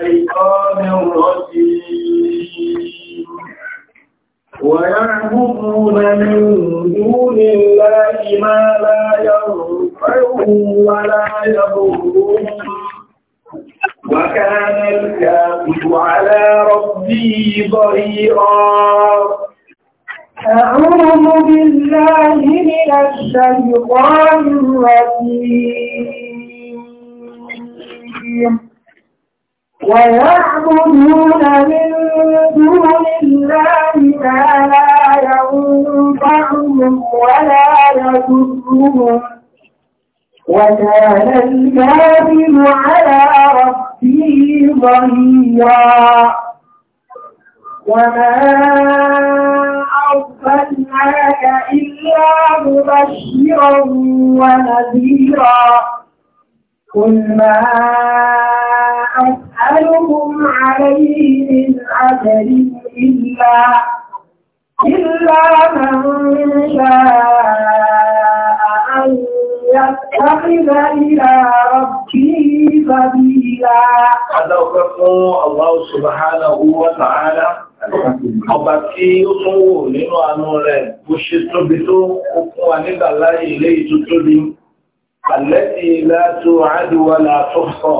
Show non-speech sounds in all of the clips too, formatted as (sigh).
الشيطان الرجيم ويعبدون من دون الله ما لا ينفعهم ولا يضرهم وكان الكافر على ربه ظهيرا أعوذ بالله من الشيطان الرجيم ويعبدون من دون الله ما لا ينفعهم ولا يضرهم وكان الكافر على ربه ظهيرا وما أرسلناك إلا مبشرا ونذيرا قل ما أسألكم عليه من أجر إلا إلا من شاء أن يتخذ إلى ربه سبيلا. هذا الله سبحانه وتعالى ọba tí ó tún wò nínú àánú rẹ̀ bó ṣe tóbi tó ó fún wa nígbà láyé ilé ìtútóbi àlẹ́tì látò àdúwà látò sọ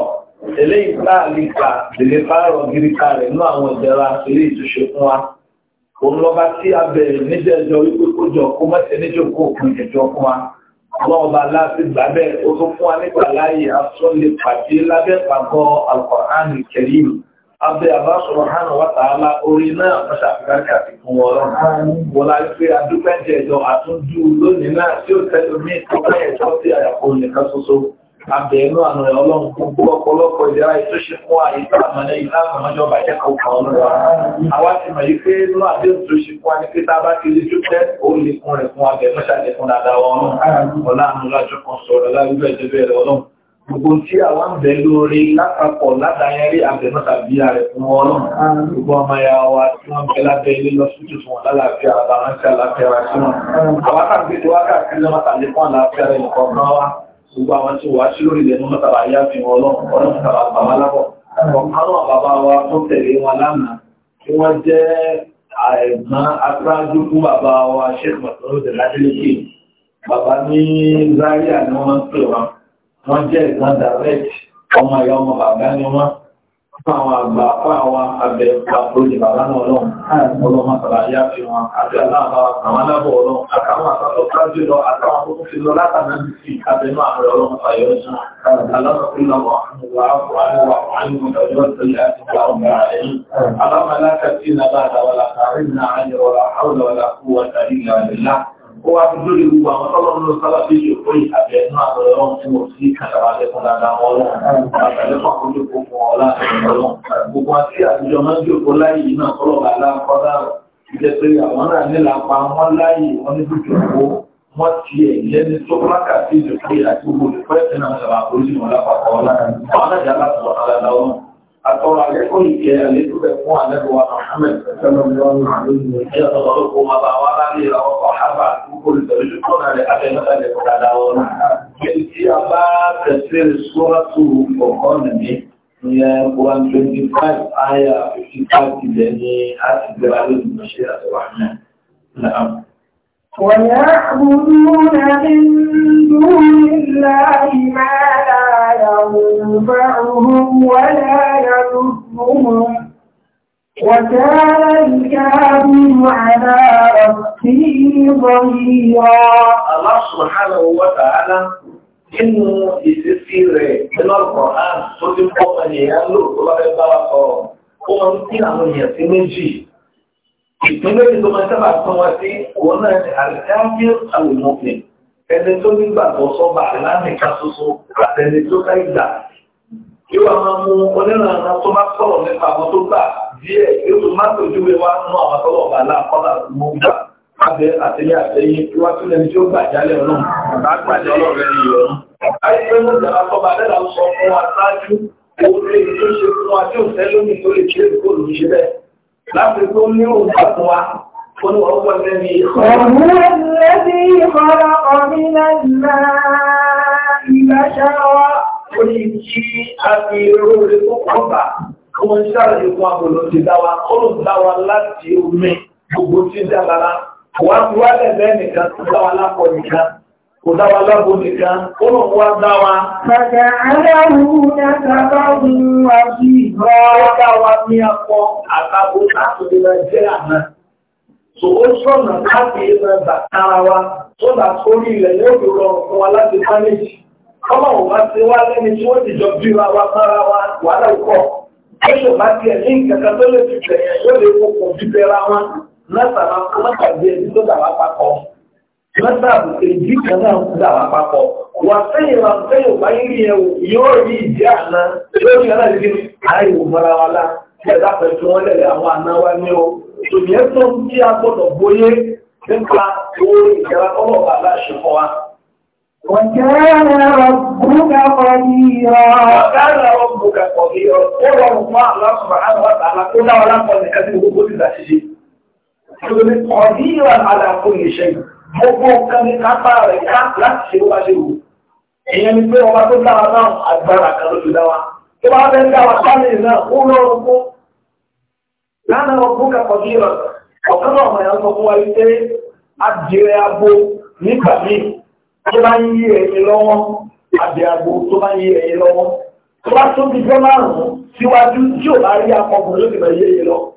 eléyìí tá a lè kà lè bá rọ gíríkà rẹ̀ nú àwọn ìjọra eléyìí tó ṣe fún wa òun lọ́ba tí a bẹ̀rẹ̀ níjẹ̀jọ wípé kó jọ kó mọ̀tẹ́ níjókòó òpin ìjẹ̀jọ fún wa àwọn ọba láti gbà bẹ́ẹ̀ ó tún fún wa nígbà láàyè asọ́lé pàdé lábẹ́ pàgọ́ alukọ̀rán kẹrìm abẹ́ àbáṣọ̀rọ̀ hàn wá tààlà orí náà wọ́n ṣàfihàn kàtì fún wọn lọ́rùn wọn la pé adúpẹ́jẹ̀jọ àtúndú lónìí náà tí ó tẹ́lómi ìtọ́kẹ́ ẹ̀tọ́ sí àyàfó nìkan ṣoṣo abẹ̀ẹ́nú àna ọlọ́run gbogbo ọ̀pọ̀lọpọ̀ ìlera ètò ṣe fún àyíká àmọ́lẹ́ ìlà àmọ́jọ́ bàjẹ́ kọ̀ọ̀kan ọlọ́run àwa ti mọ̀ yí pé inú àdéhùn tó ṣe fún àníkí tá a bá ti lè dúpẹ́ ó lè fún rẹ̀ fún abẹ̀ẹ́nú ṣàlẹ̀ fún dáadáa ọlọ́run ọ̀la àmú lájọ́ kan sọ̀rọ̀ láwùjọ ìjẹ́bẹ̀ rẹ̀ ọlọ́run gbogbo tí àwa ń bẹ lórí lápapọ̀ ládàáyẹrí àbẹ̀mọ́ tàbí ààrẹ fún ọlọ́run gbogbo ọmọ ya wa tí wọ́n bẹ lábẹ́ ilé lọ sí tuntun wọn lálàáfíà àbárántí àlàáfíà wa sí wọn àwọn àkàgbé tí wákàtí lọ́mọ tàbí fún àlàáfíà rẹ̀ nìkan kan wá gbogbo àwọn tí wà sí lórí ilẹ̀ mọ́ tàbá yá fi wọn lọ́wọ́ ọlọ́run tàbá bàbá lábọ̀ ọ̀pọ̀lọpọ̀ bàbá wa tó tẹ̀lé wọn lánàá tí wọ́n jẹ́ àìmọ́ aṣáájú fún bàbá wa sheikh masoud ládélébé bàbá ní zaria ni wọ́n ń pè wọn wọ́n jẹ́ ìgbọ́n direct ọmọ ìyá ọmọ bàbá ni àwọn àgbà apá àwọn abẹ́ àpòjì bàbá náà ọlọ́run ọlọ́run àtàlàyà fi wọn àti aláàbá àwọn aláàbọ̀ ọlọ́run àtàwọn àtàlọ́ kájú lọ àtàwọn tó fi lọ látàná sí abẹ́nú ààrẹ ọlọ́run fàyọ̀ ọ̀sán aláàbọ̀kúnlọ́wọ̀ àwọn àwọn àwọn àwọn ọjọ́ ìtọ́lẹ̀ àti àwọn ààrẹ yìí aláàbọ̀ alákàtí nàbàdà wàlà àárín náà àyẹ̀wọ̀ ó wá fi lórí gbogbo àwọn tọ́lọ́run sábà bí ìṣòro yìí àbí ẹnu àtọ̀rọ̀ ọ̀hún tí sí kàtàrà lẹ́kùn dáadáa wọn lọ́wọ́ àtàlẹ́kùn àkójọ gbogbo wọn láti gbogbo àti àtijọ́ máa ń jòkó láyé yìí náà kọ́lọ̀ bá láńkọ́ dáàrọ̀ ìjẹ́ pé àwọn náà nílà pa wọ́n láyé wọn ní dúdú wọ́n ti ẹ̀ lẹ́ni tó lákàtí ìjòkó yìí àtọ́rọ àlékún ìkẹ́ àlékúrẹ́ fún àlẹ́bùwà Mohammed sallallahu alaihi wa sallam ẹ̀yà tọ́lọ́rọ̀ kó máa bá wá láti ìràwọ̀ ọ̀hábà púpọ̀ ìtẹ̀lẹ́jú kọ́nà rẹ̀ abẹ́mọ́ta lè kọ́ dáadáa wọn. Kí tí a bá ويعبدون من دون الله ما لا ينفعهم ولا يضرهم وكان الكافر على ربه ظهيرا الله سبحانه وتعالى إنه يسير من القرآن ọ̀pọ̀ án tó ti pọ̀ ومن lò tó bá ìpínlẹ̀ tó máa sábà tán wá sí òun náà ni àlùkáfíà àlùmọ́fẹ́ ẹni tó nígbàgbọ́ sọ́ba alámìka soso àtẹni tó ká ìgbà yóò wá máa mú onírànà tó bá sọ̀rọ̀ nípa àwọn tó gbà díẹ̀ yóò tó máa tòjú wẹ wá nú àwọn tọ́lọ̀ ọ̀gá aláàkọ́lá mọ́ gbà abẹ́ àtẹ̀lé àtẹ̀yìn tí wá sílẹ̀ tí ó gbà jálẹ̀ ọlọ́run àgbàjẹ́ ọlọ́run ẹni yọ̀ọ́nù. àìsàn ló dára sọ́ba adẹ́là ń sọ fún wa ṣáájú òun lè tó ṣe fún wa tí òun tẹ́ lómi tó láti tó ní òǹkà fún wa Wọ́n ni ọ̀pọ̀ lẹ́ni ìkọ̀ọ̀rọ̀. Ọmọ ìṣàrẹ̀ ìfún àbòlò ti dáwà, ọlùn dáwà láti omi gbogbo tí dára. Wọ́n ti wá lẹ́bẹ̀ẹ́ nìkan tó dáwà lápọ̀ kò dáwà nìkan ó lọ wá dáwà. Bàtà aláwù nàkàbà òun wà sí ìgbà. Ó dáwà ní akọ àtàbò láti lè jẹ́ àná. ó sọ̀nà láti ìran bàtàrà wa tó ilẹ̀ fún wa láti bá ti wá lẹ́ni tí wọ́n jọ bí wa wa ní tó lè lè wọn. mọ́tàbù èjì kan náà ń dà wá papọ̀ wà sẹ́yìn wà sẹ́yìn wà yín rí ẹ̀wò yóò rí ìdí àná lórí ọ̀nà ìdí àìwò mọ́ra wa lá ẹ̀dá pẹ̀lú wọn lẹ̀lẹ̀ àwọn àná wa ní o tòmíẹ́ tó ń tí a gbọ́dọ̀ bóyé nípa owó ìjọba ọlọ́ bàbá ṣẹ̀fọ́ wa. Wọ̀jẹ́rẹ̀ ọ̀gbùnkà kọ̀ọ̀yọ̀. Wọ̀jẹ́rẹ̀ ọ̀gbùnkà kọ̀ọ̀yọ̀. Ó rọrùn fún àlọ́sùn àlọ́sùn àlọ́kùn náà lápọ̀ nìkan tí gbogbo ti gbogbo nǹkan ní kápá rẹ̀ ká láti ṣe wá ṣe wò ìyẹn ni pé ọba tó dára náà agbára kan ló ti dá wa tó bá fẹ́ dá wa sáàmì náà ó lọ́rùn kó lánàá ọkùnrin kàkọ́ sí rẹ̀ ọ̀kan náà mọ̀ yàn sọ fún wa wípé adìrẹ abo nígbà míì tó bá ń yí ẹyin lọ́wọ́ adìrẹ abo tó bá ń yí ẹyin lọ́wọ́ tó bá tóbi fẹ́ márùn-ún síwájú tí ò bá rí akọkùnrin ló ti yé ẹyin lọ́wọ́.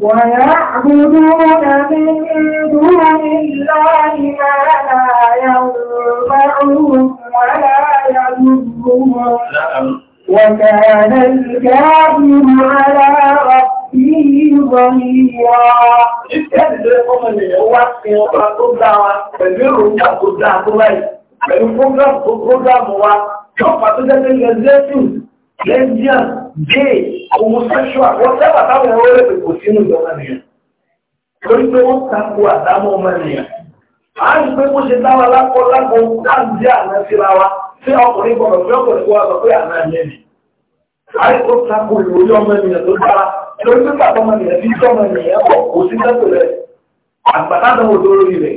ويعبدون من دون الله ما لا ينفعهم ولا يضرهم وكان الكافر على ربه ظهيرا Pẹ̀lú fúgrámù tó fúgrámù wa, yóò fà tó jẹ́ pé yẹ lesbian gay homosexual whatever táwọn ọ̀rọ̀ rẹ̀ kò sínú ìjọba nìyẹn torí pé wọ́n tako àdámọ́ ọmọ ènìyàn à ń pé bó ṣe dáwà lápò lápò láǹdí àná síra wa tí ọkùnrin gbọdọ̀ fi ọkùnrin kó wa sọ pé àná ẹ̀yẹ ni àìkó tako ìròyìn ọmọ ènìyàn tó dára torí pé bàbá ọmọ ènìyàn fi jọ́ ọmọ ènìyàn pọ̀ kò sí tẹ́tò rẹ̀ àgbàdàn wo lórí rẹ̀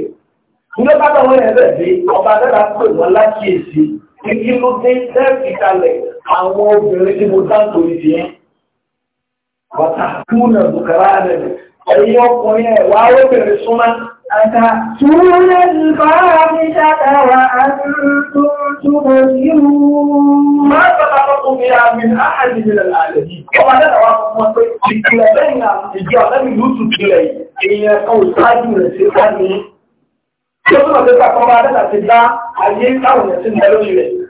ní bàbá wọn yẹn rẹ̀ dé ọba dára pè wọ́n lákìyèsí kí kí ló dé tẹ́ẹ̀kì kalẹ̀ àwọn obìnrin tí mo dáàtò ìdí ẹ́ bàtà kúnà bùkàrà rẹ̀ ẹ̀yìn ọkùnrin ẹ̀ wá obìnrin súnmá Àtàtúrẹ́ ìbáraẹnìṣàtà wà àtúntúntúmọ̀ yíò. Máa tọ́ta fọ́kún mi àmì àhàjì nílẹ̀ àlẹ̀ yìí. Ọba dẹ́ta wá fún wọn pé ìpìlẹ̀ lẹ́yìn ìjọ lẹ́yìn ló tún tilẹ̀ èèyàn kan ò sáájú rẹ̀ sí sáájú. Tí ó túnmọ̀ sí pàkọ́ bá dẹ́ta ti dá ayé táwọn ẹ̀sìn lẹ́lórí rẹ̀.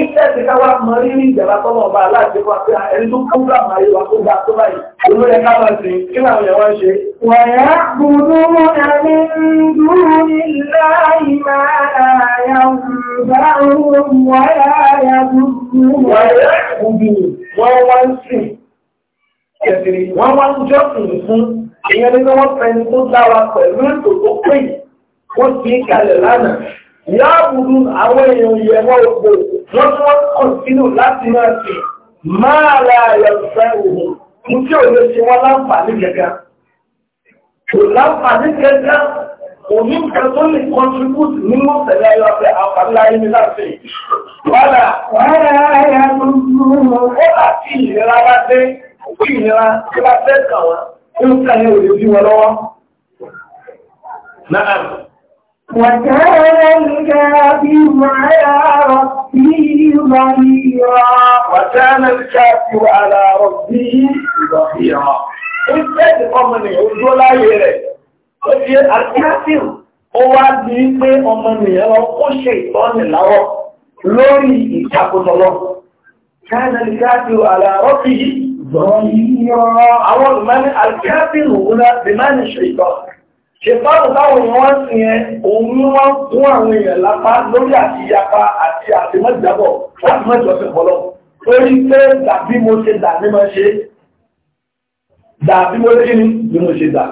Iṣẹ́ ti ká wá mọ rírì ìjọba tọ́mọ ọba aláàṣẹ wa pé ẹni tó kú bá máa yíwa tó ga tó báyìí. Olú yẹ ká máa sìn kí làwọn èèyàn wá ń ṣe. Wàyà gbùdú ẹni dúró nílá ìmá àyà bá òun wáyà àyà gbùdú. Wàyà gbùdú wọ́n wá ń sìn. Ẹ̀sìn wọ́n wá ń jọ́sìn fún. Ìyẹn ni wọ́n fẹ́ ni tó dára pẹ̀lú ètò tó pè. Wọ́n ti kalẹ̀ lánàá yáàbùdú àwọn èèyàn ìyẹ̀wọ́ òpó wọ́n tí wọ́n kọ̀sínú láti máa fi máa láàyè ọ̀fẹ́ òhun mú tí ò lè ṣe wọ́n láǹfààní gẹ̀gá kò láǹfààní gẹ̀gá òní nǹkan tó lè contribute nínú ọ̀sẹ̀lẹ̀ ayọ̀ ọ̀fẹ́ àǹfààní láyé ní láti wàdà wàdà ayà lóòrùn ó bá tí ìlera bá dé kí ìlera tó bá fẹ́ kàn wọ́n ó ń kàn yẹn òye bí wọn lọ́wọ́. Náà وكان الْكَافِرُ عَلَى رَبِّهِ ظهيرا وكان الكافر على ربه ظهيرا ìfẹ́ẹ̀dì ọmọnìyàn ojú láyé rẹ̀ ó di àkáfíù ó wá di pé ọmọnìyàn lọ kó ṣe ìtọ́ni láwọ́ lórí ìtakùtọ̀lọ́ كان الكافر على ربه ظهيرا ṣèpáàrù táwọn èèyàn wọ́n sì yẹn òun ní wọ́n fún àwọn èèyàn lápá lórí àti ìyapa àti àtìmọ́jábọ̀ láti mọ́ ìjọsìn pọ̀lọ́ torí pé dàbí mo ṣe dà ní máa ṣe dàbí mo ṣe ní bí mo ṣe dà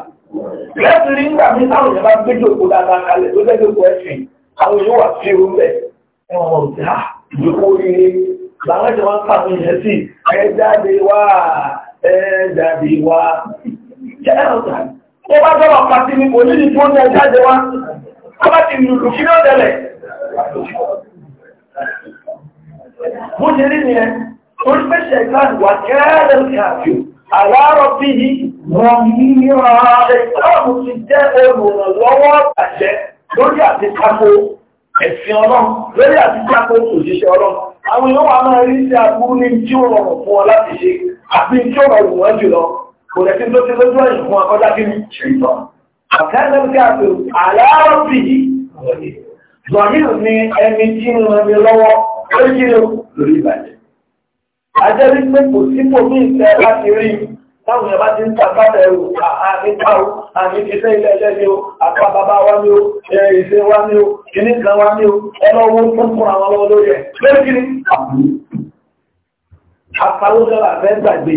lẹ́sìn rí nígbà mí táwọn èèyàn bá gbé jòkó dáadáa kalẹ̀ tó lẹ́gbẹ̀ẹ́ kó ẹ̀sìn àwọn èèyàn wà sí irú bẹ̀ ẹ̀wọ̀n ọ̀gá ah, ìjókòó ó bá sọ̀rọ̀ pàtí ni kò nídìí tó ń tẹ jáde wá ó bá ti lùlù kí ló tẹ̀lẹ̀. bó ṣe rí nìyẹn orí pèsè ìkan wà kẹ́rẹ́ kàfíù àlárọ̀ bí i wọ́n ní ra ṣètọ́ọ̀mù ti jẹ́ olùrànlọ́wọ́ àṣẹ lórí àti tako ẹ̀sìn ọlọ́run lórí àti tako òṣìṣẹ́ ọlọ́run àwọn èèyàn wà máa rí sí aburú ní tí ó rọrùn fún ọ kò lẹ́sí tó ti lójú ọ̀yìn fún akọ́já kí ní ṣètọ́ àkẹ́lẹ́ tí a tó aláàrọ̀bì zọ̀yìn ní ẹni tí ń ràn mí lọ́wọ́ lórí lórí ìbàjẹ́ ajẹ́ rí pé kò sípò ní ìfẹ́ láti rí táwọn ìyàbá ti ń tàbátà ẹrù àmìkáwò àmìkíṣẹ́ ilẹ̀ ẹlẹ́ ni ó àpá bàbá wá ní ó ẹ̀ẹ́sẹ́ wá ní ó kìníkan wá ní ó ẹlọ́wọ́ fúnfún àwọn ọlọ́wọ́ lórí ẹ̀ lórí kìíní àpàlójọ́ àfẹ́ gbàgbé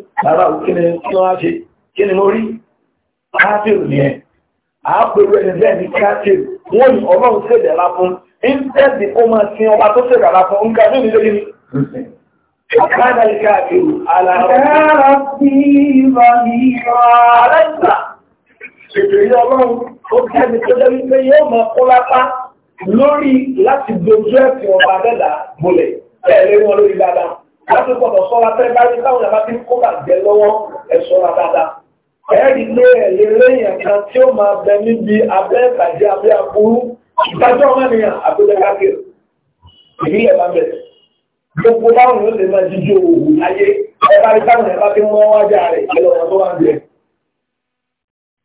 lára kí ni kí wọ́n á ṣe kí ni mo rí káfíìrù nìyẹn àápèrú ẹni bẹ́ẹ̀ ní káfíìrù wọ́n ọlọ́run ṣèdè lá fún íńtẹ́ẹ̀dì kó máa sin ọba tó ṣèdè lá fún nǹkan tó jẹ́ lórí láti ọba dẹ́dà bolẹ̀. Bẹ́ẹ̀ wọn lórí dáadáa láti gbọ́dọ̀ sọ́ra pé báyìí táwọn yàrá ti ń kó bàjẹ́ lọ́wọ́ ẹ̀ṣọ́ra dáadáa. ẹ̀ẹ́dì lé ẹ̀lẹ́ lẹ́yìn kan tí ó máa bẹ níbi abẹ́ ìbàjẹ́ abẹ́ àbúrú ìdájọ́ mẹ́rin àbúdẹ́kákè ìbílẹ̀ bá bẹ̀rẹ̀. gbogbo báwọn yóò lè máa jíjó òwò láyé ẹ̀ka rí táwọn yàrá ti mú wájà rẹ̀ ẹlọ́wọ́ tó wà ń bẹ̀.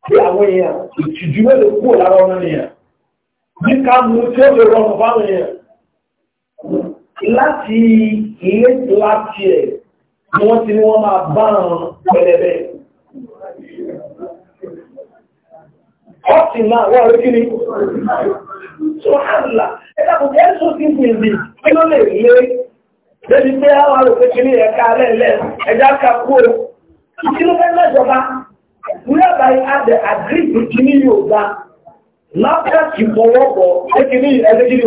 pé àwọn èèyàn ìtìjú mélòó kúrò lára ọmọ nìyàn. ní ká mú tí ó fi rọrùn fáwọn èèyàn láti ilé láti ẹ̀ ni wọ́n ti ní wọ́n máa bá ọ̀rọ̀ pẹ̀lẹ̀bẹ̀. Ọ́tí náà wọ́n rí kí ni? Ṣọ́hánlá, ẹ̀dàkùn jẹ́ só sí ìbìnbì kí ló lè lé débi pé àwọn àrùfẹ́ kí ní ẹ̀ka alẹ́lẹ́ ẹjá kakú o. Kí ló fẹ́ mẹ́jọba? Wíyàbáyé adẹ̀ àgírí lápẹ́ẹ̀kì fọwọ́pọ̀ ẹkì ní ẹlẹ́gìrì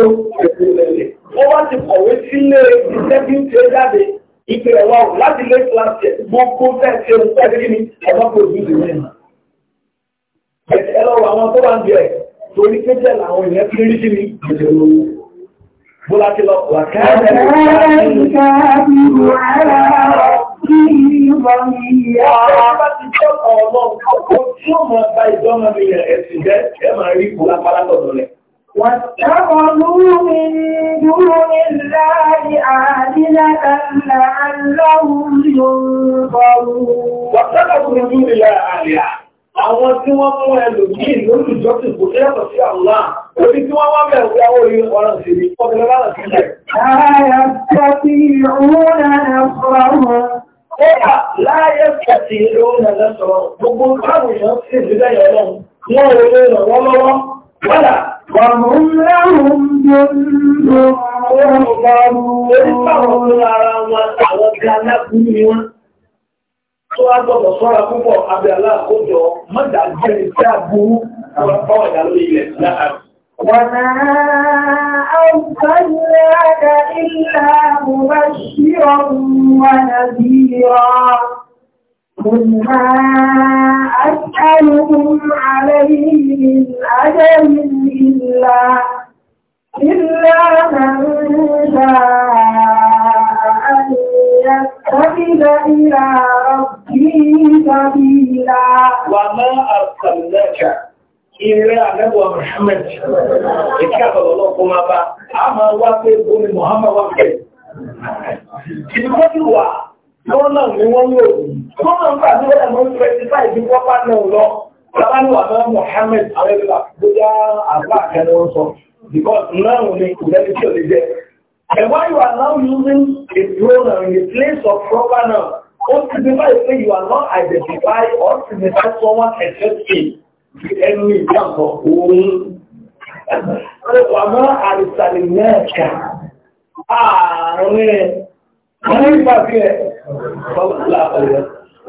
ó wá ti kọ̀wé sílé ìṣẹ́bín tí ó jáde ìpè ẹ̀wà ò láti lé kíláàsì gbogbo fẹ́ẹ̀ṣẹ́ ẹlẹ́gìrì ní ẹ̀wà pòlùsì mẹ́rin. ẹlọ́wọ̀ àwọn tó wà ń bẹ̀rẹ̀ torí pé jẹ́ làwọn èèyàn fi rí sí ní ìjẹ́ olówó. bó láti lọ bí ìwà ìyá. Ọjọ́ bá ti jọ́ ọlọ́run kọ́kọ́ tí ó máa bá ìjọ́mọ mi rẹ̀ ẹ̀sìn jẹ́ ẹ máa rí ipò lápálá lọ́dọ̀ rẹ̀. واتخذوا من دون الله آلهة لعلهم ينصرون واتخذوا من دون الله آلهة Àwọn tí wọ́n mú ẹlòmíì lórí ìjọsìn kò lẹ́yàtọ̀ sí àlá, orí tí wọ́n wá bẹ̀rẹ̀ pé àwọn orí ọ̀rọ̀ sí ní ọdún lọ́wọ́ sílẹ̀. Ààyà tó fi ìrúnà ẹ̀fọ́ wọn kódà láyé tẹ̀sí lóúnjẹ lẹ́sọ̀rọ̀ gbogbo táwọn èèyàn sì ń bílẹ̀ yọ lọ́wọ́ wọn ò lè ràn wọ́n lọ́wọ́ kódà wàmùn lẹ́rùn gbòǹdò wọn ò bá rú onípàwọn ní ara wọn àwọn gánà kú ni wọn. tó wá gbọdọ̀ sọ́ra púpọ̀ abẹ́ aláàkójọ mọ́dà jẹ́ ìṣẹ́ àbúrú àwọn ọ̀dà lórí ilẹ̀ láàárín. وما أرسلناك إلا مبشرا ونذيرا قل ما أسألكم عليه من أجر إلا إلا من شاء أن يتخذ إلى ربه سبيلا وما أرسلناك ilé àgbẹ̀bọ̀ Muhammad ìkí àbọ̀lọ́lọ́ kó máa bá a máa wá pé gómi Muhammad wá pẹ̀. ìdíkọ́ ti wà lọ́nà ni wọ́n lò lọ́nà ń gbà lọ́nà mọ́ twenty five bí wọ́n bá nà ń lọ bàbá ní wà náà Muhammad àwẹ́lẹ́lá bóyá àbá àkẹ́ni wọ́n sọ because náà ni kò lẹ́ni tí ò lè jẹ́. And why you are now using a pronoun in the place of proper noun, ó signify pé you are not identified or signify someone except him ẹnu ìjàmbọ̀ òun wàmọ́ àrìsàlẹ̀ mẹ́ẹ̀kà ààrẹ wọ́n ní pàtí ẹ̀ fọ́nlá ọ̀rẹ́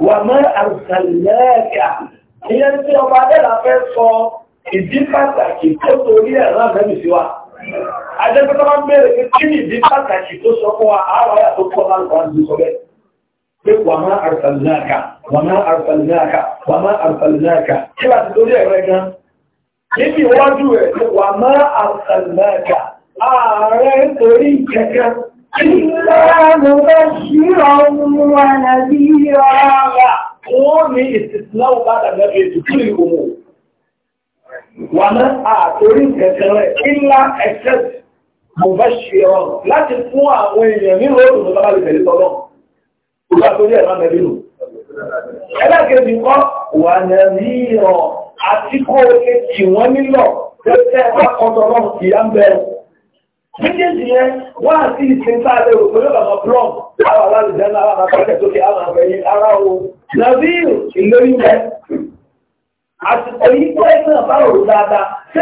wàmọ́ àrìsàlẹ̀ mẹ́ẹ̀kà ìyẹn tí ọba adẹ́là fẹ́ sọ ìdí pàtàkì tó torí ẹ̀ rán mẹ́bì sí wa adẹ́gbẹ́ta máa ń bèèrè pé kí ni ìdí pàtàkì tó sọ fún wa àárọ̀ àyà tó pọ̀ láǹkọ̀ọ́ pé wà máa àrùfàlìláàkà wà máa àrùfàlìláàkà wà máa àrùfàlìláàkà kí wà ti torí ẹ̀rẹ́ gan níbi ìwájú rẹ̀ pé wà máa àrùfàlìláàkà ààrẹ torí kẹ̀kẹ́ Ìlànà bá ṣíra ohun wà nàbí rárá. Wọ́n ní ìsìsìláwò bá dàgbà ètò kí ìwòmò. Wà náà àtorí ìtẹ̀tẹ̀rẹ̀ ìlà ẹ̀ṣẹ́ mo bá ṣe ọ̀rọ̀ láti fún àwọn èèyàn ní lóòrùn tó bá lè tẹ̀lé tọ́lọ́rùn. Ògbà tó yẹ ẹ̀rọ mẹ́rin nù. Ẹlẹ́kẹ̀ẹ́bì kọ́ wà nẹ̀rí ọ̀ àti kó oké tì wọ́n nílọ̀ tó tẹ́ ẹ̀fà kọ́tọ̀ lọ́rùn kì í á ń bẹ̀rù. Méjèèjì yẹn wá sí ìsìn tá a lè rò pé yóò lọ blọọ̀ láwà láti jẹ́ náà láti pẹ́kẹ̀ tó fi àwọn o. Nàbí ìlérí yẹn. Àsìkò yìí pé náà bá rò dáadáa, ṣé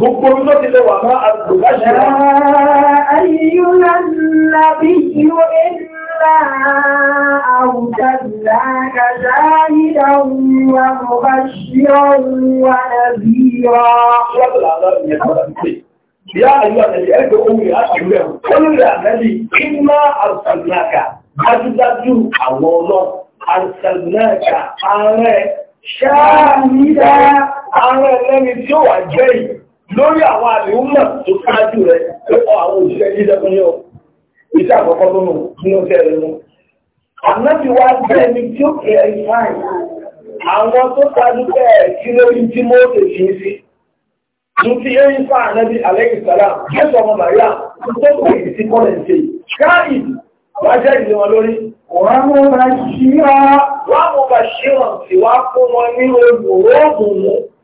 Gbogbo ló ti lè wà máa àgbò láṣẹ. Àyíyúnà nàbí yóò ẹ̀nà àwùjá kàdá nídà wa mọ̀ bá ṣíọ́ wa nàbí yọ. Ya àyíwá nàbí ẹgbẹ́ ohun ìhàṣìlẹ̀ olùrẹ̀ àmẹ́lì iná àrùsàgbìnàkà dájúdájú àwọn ọlọ́ àrùsàgbìnàkà ààrẹ ṣáà nídà ààrẹ lẹ́ni tí ó wà jẹ́ yìí. lórí àwọn àlèúmọ̀ tó ṣáájú rẹ̀ lọ́pọ̀ àwọn òṣìṣẹ́ jíjẹ́ yóò iṣẹ́ àkọ́kọ́ tó nù ní oṣù mú. wa tí ó kẹ́ àwọn tó ṣáájú bẹ́ẹ̀ kí lórí tí fi sí. mo ti yẹ́ ifá ànábì ọmọ màríà tó kọ̀ èyí sí lórí.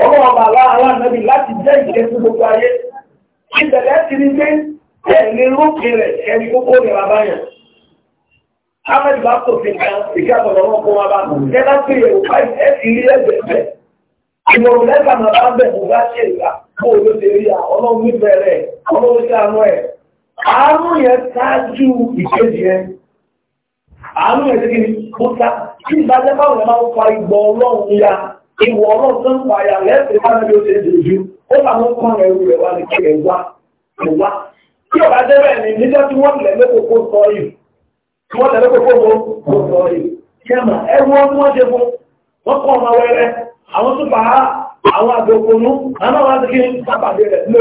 ọmọ ọba aláàrẹ́bí láti jẹ́ ìjẹ́ sí gbogbo ayé ìbẹ̀rẹ̀ ti rí pé ẹ̀lẹ́ lókè rẹ̀ ẹni gbogbo rẹ̀ bàbá yẹn ahmed bakto fi kan ìkẹ́ àtọ̀rọ̀ wọn fún wa bá yẹn bá pè é òkà ẹ̀ ti rí ẹgbẹ̀ẹ́ bẹ̀ ìmọ̀ràn lẹ́gbàá máa bá bẹ̀ bùbá ṣe ìgbà kó o ló ṣe rí à ọlọ́run nífẹ̀ẹ́ rẹ̀ ọlọ́run ṣe àánú ẹ̀ àánú yẹn ṣáájú ìkejì yẹn àánú yẹn ti kí ni kó ta kí ìbájẹ́ báwọn yẹn máa ń fa ìgbọ̀ ọlọ́run ya ìwọ̀ ọ̀rọ̀ tó ń pààyà lẹ́sẹ̀ bá ní bí ó ṣe jòjú ó làwọn kan ẹrù rẹ̀ wá ní kí ẹ wá ẹ̀wá tí ọ̀gá débẹ̀ ni níjọ́ tí wọ́n lẹ̀ lẹ́kọ̀ọ́kọ́ sọ yìí tí wọ́n lẹ̀ lẹ́kọ̀ọ́kọ́ mọ́ sọ yìí kẹ́mà ẹrù wọn tí wọ́n ṣe fún wọ́n kọ́ ọmọ wẹrẹ àwọn tó bàá àwọn àgbẹ̀kùnú àwọn àwọn àti kí n pàpàdé rẹ̀ lọ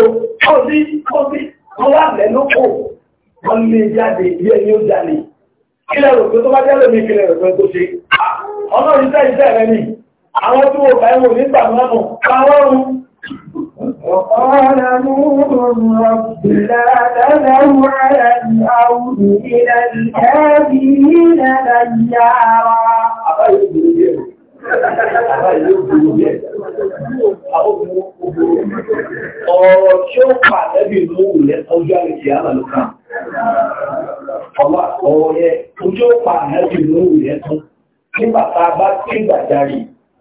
ó sí ó sí wọ́n wà lẹ̀ lóko wọ́n lè jáde yẹ ni ó jáde kílẹ̀ rò pé tó bá jẹ́ lómi kílẹ̀ rò pé tó ṣe ọlọ́run iṣẹ́ iṣẹ́ rẹ ni àwọn tí wọ́n báyìí wọ́n nígbà mọ́nù pàwọ́rún وقال نور رب لا تذو على الأرض إلى الكافرين ديارا Ọ̀rọ̀ tí ó pàdé bí mú ilẹ̀ ọjọ́ àrẹ̀kì àmàlùkà. Ọ̀rọ̀ yẹ, ojú ó pàdé bí mú ilẹ̀ tún, nígbàtà bá tí gbàjarì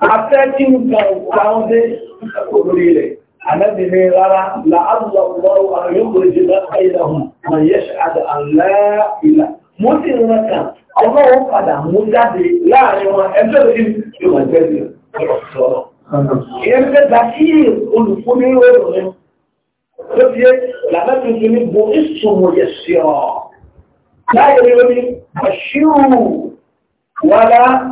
afẹ́kí nǹkan ìpàwọn dé orí rẹ̀ Ànábì ní rárá láàrùn-ún àríyànjẹ́ láti ìlàhùn ma yẹ́ ṣàdà aláìlà. Mo sì rán kan, ọlọ́run padà mú jáde láàrin wọn ẹgbẹ́ lórí yóò máa jẹ́ bí ọ̀rọ̀ sọ̀rọ̀. Ìyẹn fẹ́ gba kí olùkúni rẹ̀ ló fi yẹ̀ sí ọ̀. Láyé rí omi, àṣírù wala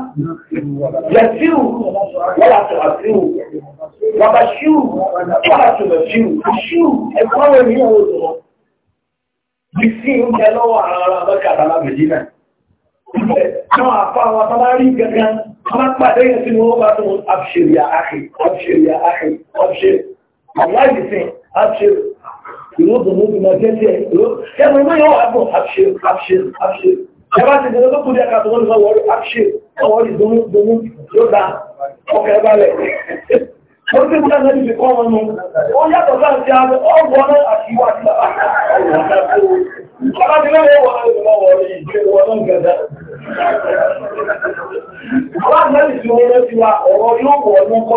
yasiru wala tuasiru wabashiru wala tunasiru ashiru ẹ̀kọ́ àwọn ènìyàn wo sọ bí sí ń bẹ lọ́wọ́ ara mẹ́ka àtàlà mẹ́jìnà náà àpá àwọn àtàlárí gẹ́gẹ́ wọ́n pàdé yẹn sínú wọ́n bá tún abṣèrè àáhì abṣèrè àáhì abṣèrè àláyé sí abṣèrè ìlú dùnmú bí mọ̀ jẹ́ jẹ́ ìlú kẹ́mọ̀ ìmọ̀ yóò wà bọ̀ abṣèrè abṣèrè abṣèrè ẹbá ti dẹ̀rẹ́ tó kú díẹ̀ kàtàkùn ní ọwọ́ àṣẹ dúnmú yóò ọkẹ̀ balẹ̀. ó ti kú náà níbi kọ́ wọn nù ó yàtọ̀ sáà ti ààrẹ ọgbọ̀n náà àti ìwà àti bàbá ọba ti lọ́wọ́ wọn ní ọwọ́ ìgbé wọn náà gẹ̀dẹ̀. ọba ti lọ́wọ́ ìṣòro rẹ̀ ti wa ọ̀rọ̀ yóò wọ̀ ọdún kọ́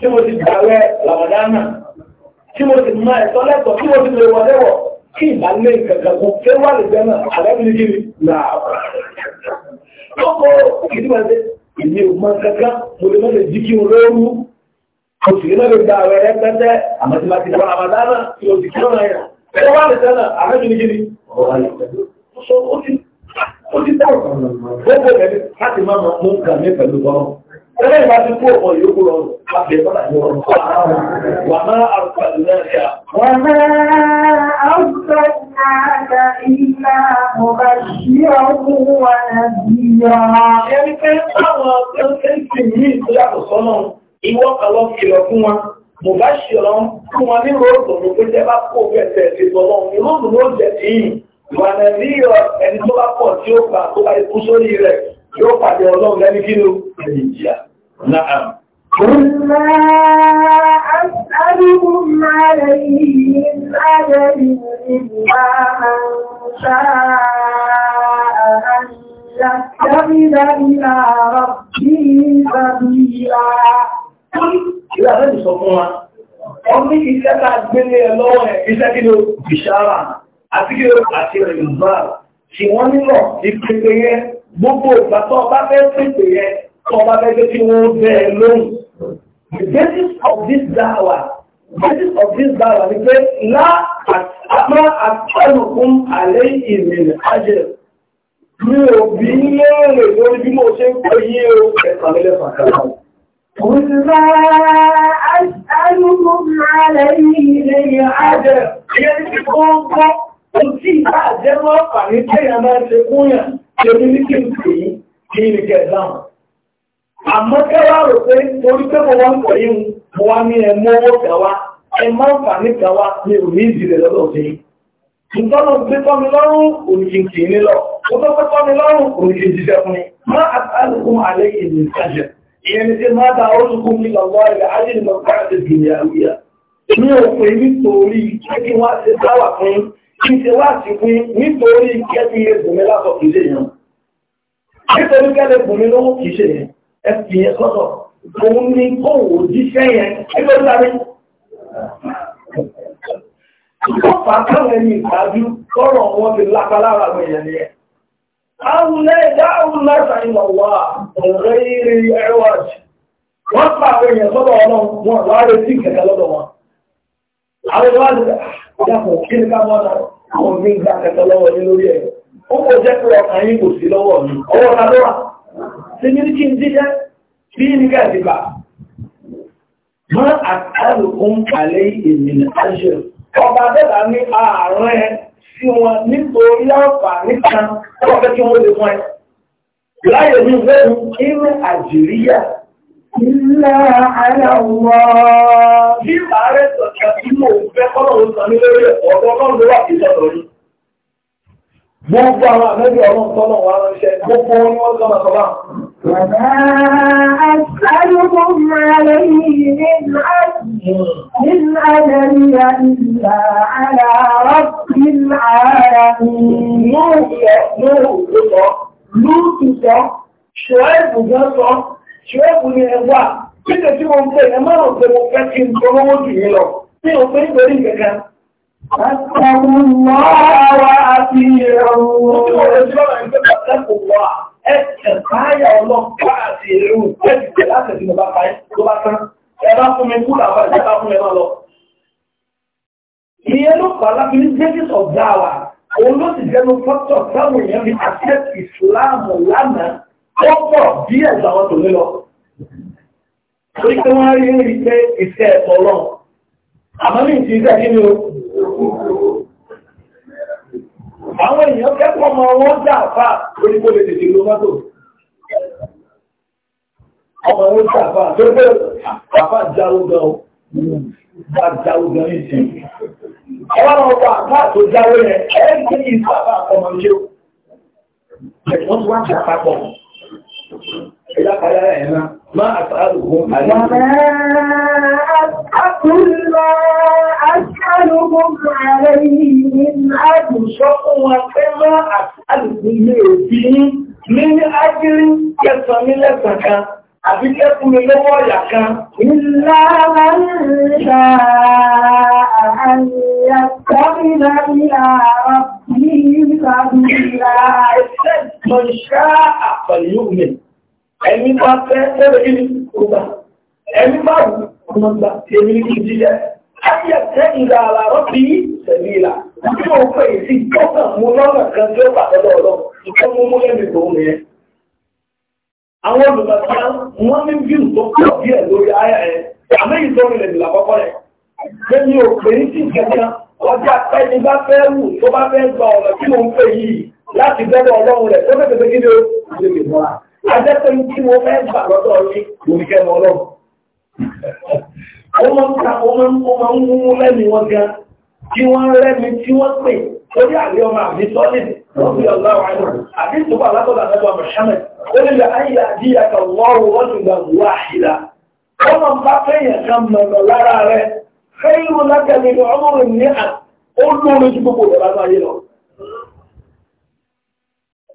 tí mo ti gbàwẹ̀ làwọ̀dáná tí mo ti máa ẹ̀tọ́ lẹ́tọ̀ tí mo ti lè wọ́n lẹ́wọ̀ kí ìbálẹ̀ ìkẹ̀kẹ̀kún kí wà lè jẹ́ náà àlẹ́bìnrin kí ni náà lọ́kọ̀ ìdíwọ̀dé ìdí ògbọ́n kankan mo lè mọ́lẹ̀ jí kí n lóoru mo sì lè gba àwẹ̀ rẹ pẹ́tẹ́ àmọ́ tí máa ti dàbọ̀ làwọ̀dáná tí mo ti kí lọ́nà yẹn kí wà lè jẹ́ náà àlẹ́bìnrin kí ni ó ti dáwọ̀ gbogbo ẹ̀ láti má mọ̀ mú Ẹgbẹ́ ìgbà ti kú ọ̀pọ̀ yòókù rọrùn, yóò rọrùn. ọ̀rọ̀ Mo bá ṣe fún wa ní ròdùn ló pé jẹ́ bá kó bẹ̀ẹ̀ ti sọ́lọ́ ìròdùn ló jẹ̀ sí ìwà nàìjíríà ẹni tó bá pọ̀ tí ó gbà tó bá ikú sórí rẹ̀ yóò pàdé ọlọ́run lẹ́ni kí ló ẹ̀yìn ìjìyà. نعم قل ما أسألكم عليه من أجل إلا من شاء أن يتخذ إلى ربه سبيلا Ìlà rẹ̀ sọ fún wa, ọmọ iṣẹ́ ta gbélé ẹ lọ́wọ́ ẹ̀ iṣẹ́ kí ló ìṣára àti kí ló àti rẹ̀ ìgbà tí wọ́n nílọ̀ ìpínpẹ̀ yẹn gbogbo ìgbà bá fẹ́ pínpẹ̀ ọba gẹ́gẹ́ tí wọ́n bẹ̀ẹ́ lóhùn. The basis of this dawa basis of this dawa ni pé lá àmọ́ àtọ́nùkún àlẹ́ ìrìn ajẹ́ mi ò bí lóòrè lórí bí mo ṣe ń pè yí o ẹ̀sán nílẹ̀ fàkàrà. Òṣìṣẹ́ àìsànùkún àlẹ́ ìrìn ajẹ́ ìyẹn ti kó ń kọ́ Òtí ìbá àjẹ́wọ́ àmì kéèyàn máa ṣe fún yàn, ṣe ní kí n pè yí, kí n kẹ̀ dáhùn àmọ́ kẹ́wàá rò pé torí pé mo wọ́n pọ̀ yín mo wá ní ẹ mọ́wọ́ kẹwàá ẹ má ń fà ní kẹwàá mi ò ní ìdílé lọ́dọ̀ sí i ìtọ́nà gbé tọ́ mi lọ́rùn òyìn kì í nílọ ó tó gbé tọ́ mi lọ́rùn òyìn ìdílé fún mi ni pé má da orúkú mi lọ́wọ́ ni mo bá ti gbìyà wíyà mi nítorí kẹ́lẹ̀ gbòmí lówó kìí ṣe yẹn ẹ̀fì yẹn òun ní kóòwò jíṣẹ́ yẹn ẹgbẹ́ sáré. Ìkọ́fà táwọn ẹni ìdájú tọ́rọ̀ wọn ti lápá àwọn èèyàn ni ẹ. Àwọn ọ̀rẹ́ ìrìn ẹ̀rọ̀jì. Wọ́n pa àwọn ọlọ́run wọn wá retí kẹ̀kẹ́ lọ́dọ̀ wọn. Àwọn ìwádìí ah, ìyàpọ̀ kí ni ká mọ́ta semirkin jiya fiye ga ba ma àtàlùkún àlẹ́ ìmìnà àṣẹ ọba dẹ́là ní ààrẹ sí wọn nítorí àpà nìkan ọ̀fẹ́ kí wọ́n lè wọ́n ẹ̀ láyé ní ìwéhùn inú àjíríyà ilá aláwọ̀ bí ààrẹ sọ̀tà tí mo fẹ́ kọ́lọ̀rún sọ ní lórí ọ̀dọ́ ọlọ́run wà sí sọ̀tọ̀ ní gbogbo àwọn àmẹ́bí ọlọ́run tọ́lọ̀ wọn ránṣẹ́ gbogbo wọn ni wọ́n sọ́nà sọ́bà وما أسألكم عليه من أجر إن أجري إلا على رب العالمين Lúùtù sọ, ṣọ́ẹ̀bù gan sọ, ṣọ́ẹ̀bù ni ẹwà, títẹ̀ tí wọ́n pè ẹ márùn pé mo fẹ́ kí n kọlọ́wọ́ jù yí lọ, tí o pé nítorí ìgẹ̀gẹ́. Àtàkùn mọ́ àwà àti ìrọ̀rùn. Ó tí wọ́n rẹ̀ sí ọ̀rọ̀ ìgbẹ́ ẹ̀kẹ̀ báyà ọlọ́pàá àti èrú ẹ̀kẹ̀ láti ẹ̀sìn ọba pa ẹ́ tó bá tán ẹ bá fún mi kú làwọn ẹ̀sìn bá fún ẹ máa lọ. ìyẹn ló pa láti ní jẹ́jẹ́sì ọ̀gá wa òun ló sì jẹ́nu fọ́tọ̀ táwọn èèyàn fi àṣẹ́kì ìsìláàmù lánàá tó pọ̀ díẹ̀ làwọn tò ní lọ. torí pé wọ́n rí rí pé ìṣẹ́ ẹ̀tọ́ ọlọ́run àmọ́ ní ìṣiṣẹ́ kí ni o àwọn èèyàn kẹ́kọ̀ọ́ ọmọ wọn jà fà oníkó lè tètè lo mọ́tò. ọmọ wọn jà fà tó pé àfà jáwó gan o bá jáwó gan ní ìsìn. ọwọ́ àwọn ọkọ̀ àfà tó jáwó yẹn ẹ̀ ń gbé ìfà àfà ọmọ ṣe o. ẹ̀wọ̀n tó wá jà papọ̀. ẹ̀yà kàyà ẹ̀ náà. ما أسألهم عليه وما أسأل ما أسألهم عليه من أجل وكما أسألكم من أجل يسمي لك Àbí kẹ́kùn mi lọ́wọ́ ọ̀yà kan. Ìlà máa ń ṣà àyà tọ́bílá ìlà ọ̀pí ìlà ìlà ẹ̀ṣẹ́ ìtọ̀ṣá àpàlẹ́ òmìnir ẹni bá fẹ́ ẹ̀rọ yìí kò gbà ẹni bá wù ọmọ gbà èmi ní kìí jíjẹ ayé ẹ̀tẹ́ ìlà àlàrọ́ bí sẹ̀mí ìlà bí mo pè é sí tọ́kà mú lọ́nà kan tí ó bà lọ́dọ̀ ọ̀lọ́ ìtọ́ mú mú lẹ́nu ìgbòho nìyẹn. àwọn olùgbàgbà wọn ní bíu tó pọ̀ díẹ̀ lórí ayà ẹ̀ àmì ìtọ́rin lè dìlà kọ́kọ́ rẹ̀ lẹ́ni ò pè é sí kẹta ọjà pẹ́ni bá fẹ́ wù tó bá fẹ́ gba ọ̀nà tí mo ń pè yìí láti gbẹ́dọ̀ Àjẹ́pẹ́ ní tí mo fẹ́ gbà lọ́dọ̀ ní oríkẹ́ mọ́ lọ́wọ́. Ó máa ń ta ó máa ń kó máa ń mú lẹ́mi wọn gan, kí wọ́n rẹ́mi tí wọ́n pè lórí àrí ọmọ àbí sọ́lẹ̀ lọ́bí ọ̀gá wa náà. Àbí ìtùbà látọ̀dà lẹ́gbà Mọ̀ṣámẹ̀, ó nílò ayé àdíyà kan wọ́rùn wọ́n tún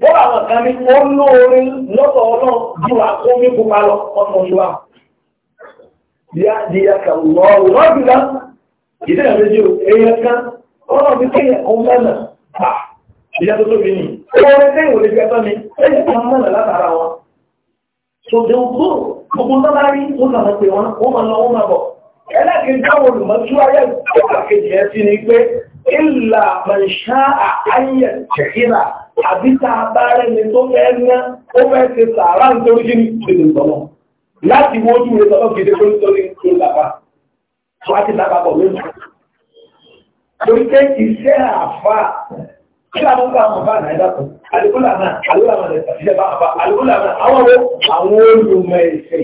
wọ́n àwọn kan ní ó lóore lọ́tọ̀ ọlọ́run ju àkómi pupa lọ ọmọ ìwà. Ìyá di àkàwọ̀ lọ́dúnlá ìdí ẹ̀rọ méjì o, èèyàn kan, ọlọ́run ti kéèyàn kan mẹ́nà pa ìyá tó tóbi ni. Oore tẹ́ ìwòlè fi ẹ̀tọ́ mi, ẹ̀yìn kan mẹ́nà látara wọn. Sòdè ògbó, gbogbo náà bá rí, ó sàmà pé wọn, ó máa lọ, ó máa bọ̀. Ẹlẹ́kìn àbí tá a bá rẹni tó fẹ́ ná ó fẹ́ ṣe sàárà nítorí kí ní ìṣèlú ìtọ́nà láti wo ojú rẹ̀ tọ́lọ́ gidi tó nítorí tó lápá wá ti lápá pọ̀ lónìí. torí pé iṣẹ́ àfa kí làwọn bá àwọn bá náírà tó àlùkò làwọn àlùkò làwọn àlùkò làwọn àwọn olùmọ̀ ẹ̀sẹ̀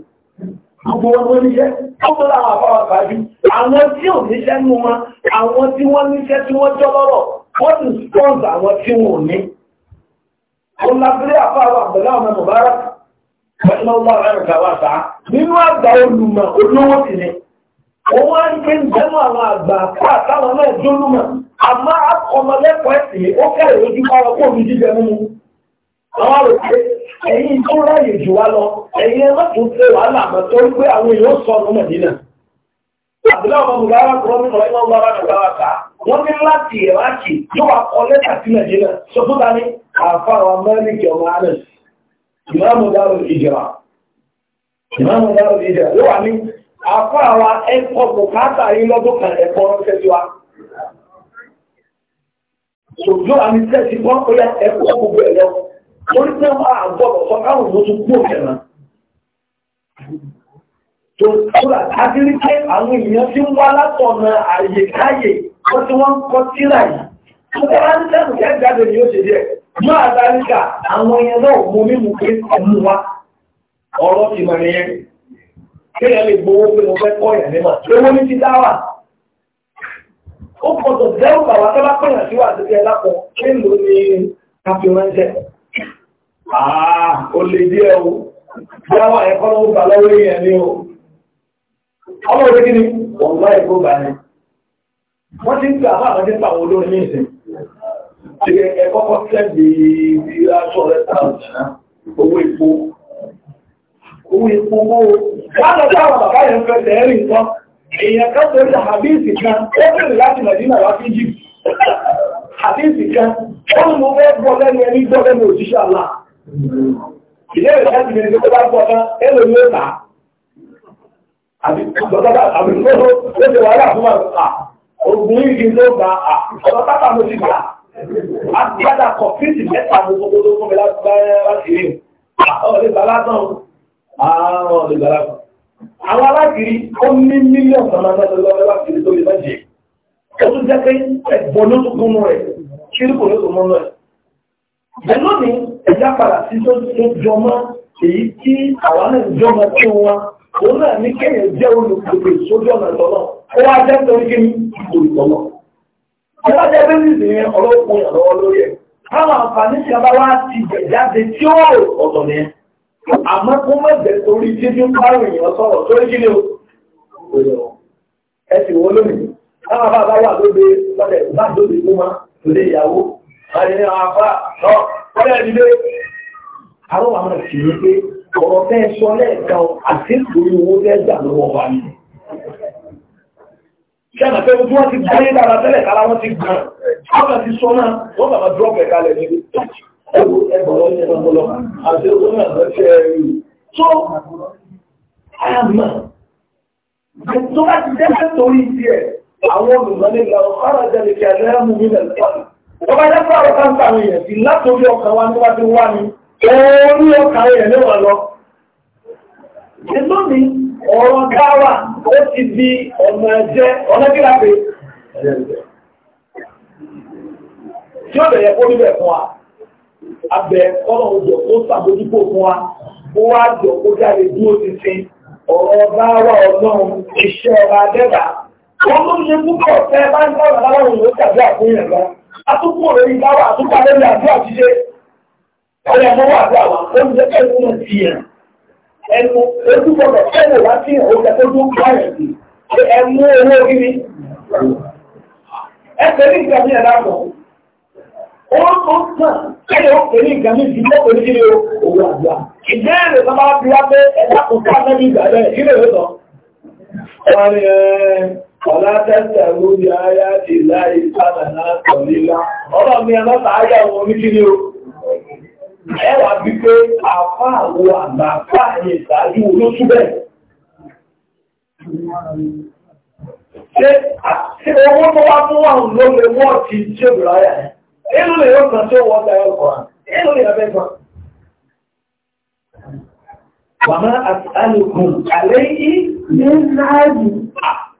gbogbo wọn wọ́n níṣẹ́ ọmọ àwọn àbáwà pàájú àwọn tí ò níṣẹ́ nú wọn àwọn tí wọ́n níṣẹ́ tí wọ́n jọ lọ́rọ̀ wọ́n sì spọ́ǹsì àwọn tí wọn ò ní òun lábílẹ̀ àfáwà pẹ̀lú àwọn mọ̀bára pẹ̀lú ọmọ rẹ̀ kàwà sáà nínú àgbà olùmọ̀ olówó sì ni òun á ń pè ń bẹ́nu àwọn àgbà káàkáwọn náà jólúmọ̀ àmọ́ ọmọlẹ́kọ̀ọ́ ẹ̀sìn ó kẹ́rẹ̀ lójú kọ́ ẹ̀yin tó ráyè jù wá lọ ẹ̀yin ẹ̀rọ tó ṣe wàhálà mọ́ torí pé àwọn èèyàn sọ ọ̀nà Mẹ̀dínà. àbúlá ọmọ bùhárà kúrọ́ mi kọ́ ẹ̀yìn ọlọ́run àgbà wa kà wọ́n ní láti ìrákì yóò wá kọ́ lẹ́tà sí Mẹ̀dínà sọ fún dání àfàrà mẹ́rìkì ọmọ anes ìmáàmù dárò ìjìrà ìmáàmù dárò ìjìrà yóò ní àfàrà ẹ̀kọ́ bùkátà yìí lọ́dún kan ẹ̀kọ́ ránṣẹ́ àmì tẹ̀sí pọ́n ó yá ẹ̀kọ́ gbogbo ẹ̀ torí pé wọ́n á gbọ́dọ̀ sọ káwọn ìwò tún kú òkè náà. tó tóra adírí pé àwọn èèyàn ti ń wá látọ̀nà àyèkáyè wọ́n ti wọ́n ń kọ́ tíra yìí. tó bá ń tẹ́nu kẹ́ jáde ni yóò ṣe díẹ̀. máa dáríkà àwọn èèyàn náà mú mímú pé ọmú wa ọ̀rọ̀ ti mọ̀ nìyẹn. kéèyàn lè gbowó pé mo fẹ́ kọ́ ìyàn nímọ̀ owó ní ti dá wà. ó gbọ́dọ̀ dẹ́rù bàbá tó Àà ah, ó lè díẹ̀ o, dáwà ẹ̀kọ́ ló ń bà lọ́wọ́ èèyàn ní o. Ọmọ òwe kí ni wọ́n lọ ẹ̀kọ́ bà ní. Wọ́n ti ń gbà máa kan nípa àwọn olórin ní ìsìn. Ṣé ẹ̀kọ́ kọ́ kẹ́bi bí aṣọ rẹ̀ táwọn owó epo. Owó epo mọ́ o. Láàrín ọjọ́ àwọn bàbá yẹn fẹ́ tẹ̀ẹ́rì nǹkan. Èèyàn kan torí àbíìsì kan, ó bèrè láti Nàìjíríà wá sí Egypt. Àbíìsì kan, ó ní mo fẹ́ gbọ́ lẹ́nu ẹni gbọ́ lẹ́nu òṣìṣẹ́ àlá. Ìyẹ́ ìdájí mi ní tó bá gbọ́ kan, èlò ni ó tà. Àbí lọ́tọ́ta àbí lọ́tọ́ ló ṣe wàhálà fún wa à. Ògùn yìí kì í ló gba à. Ọ̀rọ̀ tápà mo ti gbà. A ti yáda kọ̀fíìsì mẹ́ta mo gbogbo tó fún mi láti rí. Àwọn ìgbà lásán. Àwọn ìgbà lásán. Àwọn alágiri ó ní mílíọ̀nù kan máa ń tọ́jú tó lè má jẹ. Ó tún jẹ́ pé ẹ̀gbọ́n ló tún kún rẹ̀. Kí ló kò ló tún mọ́ náà? Bẹ̀lú ni ẹ̀dá padà sí tó jọmọ́ èyí tí àwọn náà jọmọ́ tí wọn òun náà ní kéèyàn jẹ́ olùkòkè sójú ọ̀nà ìtọ́lọ̀ ó wá jẹ́ nítorí kí ní ìbò ìtọ́lọ̀. Ó wá jẹ́ bẹ́ẹ̀ nìyí yẹn ọlọ́pọ̀ yàn lọ́wọ́ lórí ẹ̀. Káwọn àǹfààní tí a bá wá ti jẹ̀ jáde tí ó ọ̀tọ̀ ni. Àmọ́ kó má jẹ́ torí tí ní párọ̀ èèyàn sọ̀rọ̀ torí kí ni o. Ẹ sì wọ́n lónìí. Káwọn bá bá wà lóde lọ́dẹ̀ bá lóde fún wa lóde ìyàwó àyẹ̀yẹ̀ àfà lọ ọ̀rẹ́ ìdílé. Àwọn àwọn ìṣèlú pé ọ̀rọ̀ fẹ́ sọ lẹ́ẹ̀kan àti ìtòrí owó fẹ́ gbà lọ́wọ́ wa ni. Ṣé àmà pé ojú wọn ti gbáyé dára tẹ́lẹ̀ kára wọn ti gbà. Ọkà ti sọ náà, wọ́n bàbá dúrọ́pẹ̀ kalẹ̀ níbi. Ẹ̀wọ̀ ẹgbọ̀rọ̀ ń yẹn lọ, àti owó náà lọ ṣe ẹ̀rí. Tó àmà, tó bá ti dẹ́sẹ̀ torí ti ẹ̀, àwọn olùmọ̀ nígbà ọ̀rọ̀ jẹ́ tó bá jẹ́ pàrọ̀ káńtà mi yẹ̀ sí látòrí ọkàn wa níwájú wá ni orí ọkàn rẹ̀ níwà lọ. Ìlúmi ọ̀rọ̀ dáwà ó ti di ọ̀nà ẹ̀jẹ́ ọ̀nẹ́gílápé tí ó bẹ̀rẹ̀ kó níbẹ̀ fún wa. Abẹ ọ̀nà òjò ó sàbójúkò fún wa, ó wá jọ kó jáde dúró ti sin ọ̀rọ̀ dáwà ọlọ́run iṣẹ́ ọba dẹ́gbà. Wọ́n ló ṣe púpọ̀ fẹ́ bá ń sọ̀rọ̀ láwọn òun tàbí àkúnyẹ̀ lọ. Atúkù rẹ̀ ní dáwà àtúkà lórí àdúrà ṣíṣe. Ẹ̀rẹ̀ ẹ̀mọ́ wà bí àwọn oúnjẹ kẹ́lú náà ti yẹn. Ẹnu ojú gbọdọ̀ kẹ́lù láti oúnjẹ tó dún káyọ̀ sí. Ẹnu owó kíní. Ẹ pẹ̀lú ìgbà mi ẹ̀dá mọ̀. Ó tó tàn kẹ́lẹ̀ ó pẹ̀lú ìgbà mi fi mọ́ pẹ̀lú kíní owó àdúrà. Ìbéèrè tó bá bí wá pé ẹ̀dá kò ká Ọlá tẹ́sẹ̀ lórí ayá ti láì sáàdà náà tọ̀ lílá. Ọlọ́ mi wọn ní kíní o. bí pé ní owó tó wá wà ló lè wọ́ ti bùráyà Inú lè yóò kàn tí ó wọ́n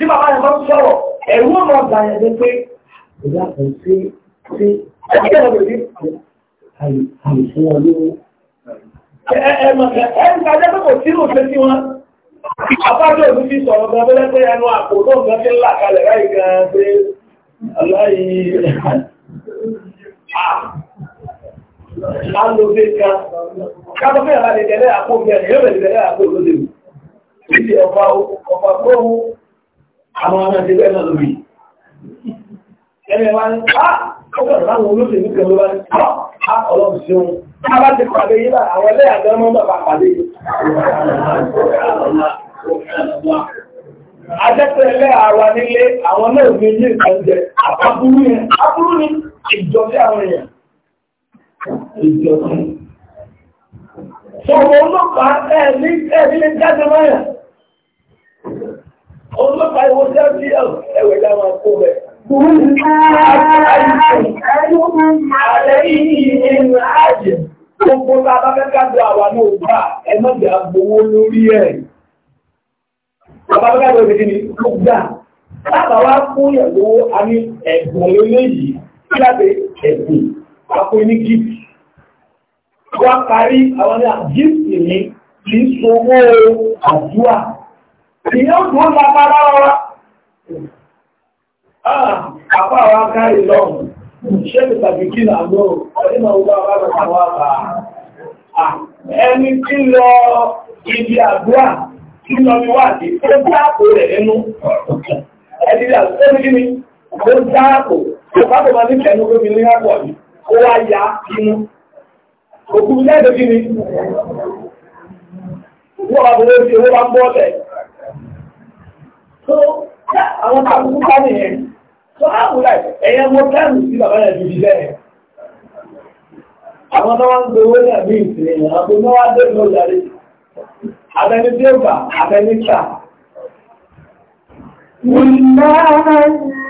tí bàbá yẹn bá ń sọ̀rọ̀ ẹ̀rú ọ̀nà ọ̀gbà yẹn ni pé ìyá kan ṣe ṣe ẹgbẹ́ rẹ̀ lè àyè fún wọn lówó. Ẹ̀ẹ́dì ká jẹ́ pé kò sínú òṣè sí wọn. Àbájọ ìlú fi sọ̀rọ̀ gan bẹ́lẹ́ pé ẹnu àpò tó nǹkan fi ń là kalẹ̀ láì gan pé aláì lálóbé kan. Kábọ̀ fẹ́ ìrànlẹ̀ tẹ̀lé àpò mẹ́rin yóò rẹ̀ tẹ̀lé àpò lóde. Ìdí ọ̀pá ọ̀pá tó àwọn ọmọ ẹgbẹ́ náà lórí ẹgbẹ́ wá ní ọkọ̀rọ̀ ah! láwọn olóṣèlú kan ló bá ní ah! Ah, ọlọ́run sí ohun tí a bá ti pàdé yí bá àwọn ẹlẹ́yà gan mọ́ bàbá pàdé Ajẹ́pẹ́ ẹlẹ́ àwa nílé àwọn náà ní ilé ìkànjẹ àbúrú yẹn, àbúrú ni ìjọ sí àwọn èèyàn. Ìjọ sí. Sọ̀rọ̀ olóòpàá ẹ̀ẹ́dí ẹ̀ẹ́dí lè jáde mọ́yàn ọlọ́pàá ìwọ sí àbíyà ẹ̀wẹ̀ dáwọn akó rẹ̀. Gbogbo bàbá fẹ́ká jọ àwà ní ògbà ẹ̀mọ́gbẹ̀ agbowó lórí ẹ̀. Bàbá fẹ́ká jọ ìdí ni ó gbà. Bàbá wá fún ìyàwó a ní ẹ̀gbọ̀n lélé yìí, kí láti ẹ̀gbọ̀n, àpò ní gíìtì. Wá parí àwọn ní àjíìtì ní kìí sọ owó àdúrà Ìyọ́ kò lápá lára wa. Ah, àpá àwọn akárí lọ́wọ́. Ṣé mi tàbí kí là ń lò? Ọdún náà wọ́n ahụ. Ẹni tí lọ ibi àdúrà tí lọ ní wáàdí, ó rẹ̀ nínú. Ẹni tí ẹni kí ni? Ó dáàbò. Ìpapò máa ní kẹ̀lú pé ní Ó wá ya inú. Òkú lẹ́dọ̀ kí ni? Wọ́n tó àwọn tàbí ká nìyẹn tó àwùrà ẹ̀yẹ mọ́ kẹ́rù sí bàbá yẹn bíbí bẹ́ẹ̀. àwọn tó wọ́n ń gbowó náà ní ìsìn àwọn tó wọ́n wá dé lọ jáde abẹni tí ó gbà abẹni tà. Ìgbà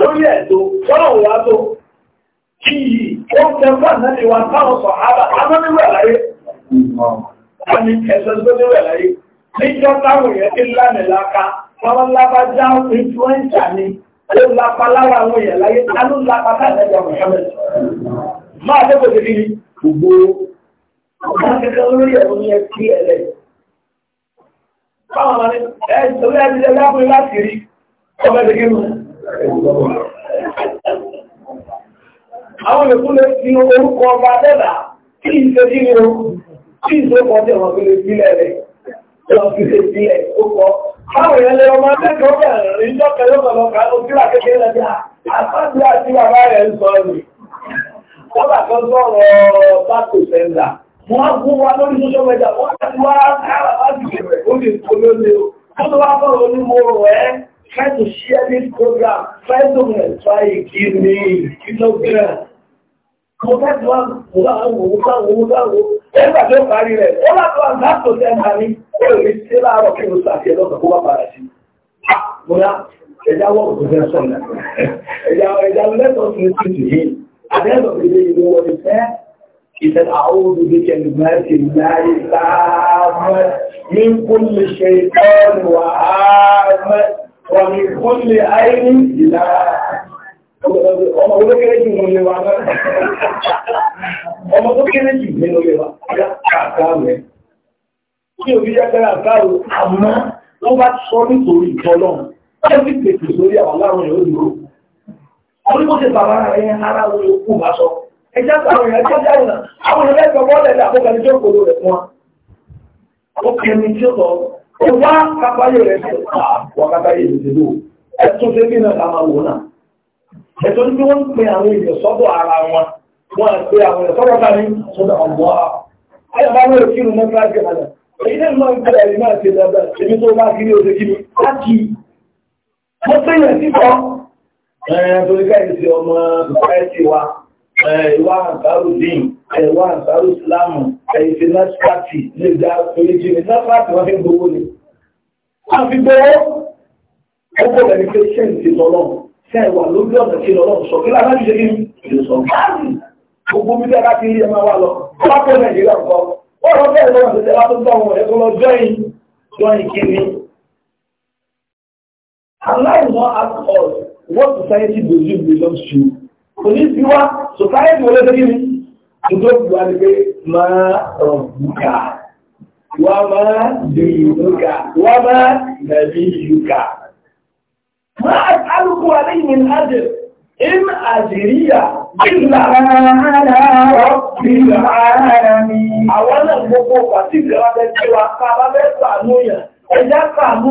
lórí ẹ̀tọ́ tọ́lọ̀ wà tó kí yìí ó kẹfà náà ni wà táwọn sọ àbá amọ́níwẹ̀ láyé wọ́n ni ẹ̀sẹ̀ lóníwẹ̀ láyé níjọ́ táwọn èèyàn ti lánà láka wọ́n lápá já influenza ni ó lápá lára àwọn èèyàn láyé ta ló lápá táwọn ẹ̀jọ̀ Mohammed máa dẹ́kọ̀ sí kiri gbogbo ọ̀gá kẹkẹ lórí ẹ̀wọ̀n ní ẹtí ẹ̀lẹ̀ báwọn ọmọ ní ẹ̀ Àwọn ìpínlẹ̀ ti orúkọ ọba dẹ́dà kí ìṣe kí ni o, kí ìṣe tí ọmọ ìpínlẹ̀ sílẹ̀ rẹ̀, lọ fi ṣe sílẹ̀ ó kọ́. ìyẹn lè ọmọ akẹ́kọ̀ọ́ bẹ̀rẹ̀ rí jọ́kẹ́ Try to share this program. Try to try give me kilogram. Mo fẹ́ tí wọ́n mú láwọn òun sáwọn òun sáwọn òun. Ẹgbà tó parí rẹ̀, ó bá tó àgbà tó tẹ́ ma ní, ó lè ṣe láàárọ̀ kí mo sàfihàn lọ́sàn kó bá padà sí. Mo yá ẹja wọ́n kò fẹ́ sọ̀nà. Ẹja ẹja lẹ́tọ̀ọ́ sí ti tù yìí. Àdéhùn ìdílé ìlú wọlé fẹ́ إذا أعوذ بك بكلمات الله التامة من كل شيطان وآمة wàmí kúnlẹ̀ àìní ìlà ọmọ tó kéré jù nínú wa náà ọmọ tó kéré jù nínú wa kàkàrẹ̀ kí o bí jẹ́kẹ́rẹ́ àkàrò àmọ́ tó bá sọ nítorí ìtọ́lọ́ ẹ wá kápáyé rẹ̀ sí wọ́n kápáyé rẹ̀ sí lóò ẹ̀tún sí bí náà ká máa wò náà ẹ̀tún ní wọ́n ń pe àwọn èèyàn sọ́dọ̀ ara wọn wọ́n á pe àwọn èèyàn sọ́dọ̀ ká ní sọ́dọ̀ ọ̀gbọ́n a ayọ̀ bá wọ́n kírun mọ́ kíláàsì padà èyí náà máa ń gbé ẹ̀rí ìwà àǹsáró dín ẹ̀wà àǹsáró ìsìláàmù ẹ̀yìnfẹ́ nọ́tífàtì lè dá oríjì ní nọ́tífàtì wọ́n fi gbowó ni. wọ́n fi gbowó ó kò bẹ̀rẹ̀ pé ṣé ń ti lọ́lọ́ ṣé ẹ̀wà lójú ọ̀nà kí lọ́lọ́ sọ kí lára ṣe kí ló sọ báyìí gbogbo bí dára ti rí ẹ máa wá lọ wọ́n kó nàìjíríà nǹkan ó lọ bẹ́ẹ̀ lọ́wọ́ tẹ̀sẹ̀ wá tó gbọ́ àwọn ẹ̀kọ́ lọ jọ́yìn jọ́yìn kiri. Allow not ask us what society believes belongs to you kò ní sí wá sòtáyẹ̀tì wọlé tó kíni àdúgbò ìwà ni pé máa rọ̀ bùkà wà máa dìbùkà wà máa nàbí yùkà. máa alùpùpù àlẹ́yìn ní in àjẹ́ríyà ìlà ọ̀pìlà àwọn náà gbogbo pàtí ìjọba bẹ́ẹ̀ tí wà ká bá bẹ́ẹ̀ sàánú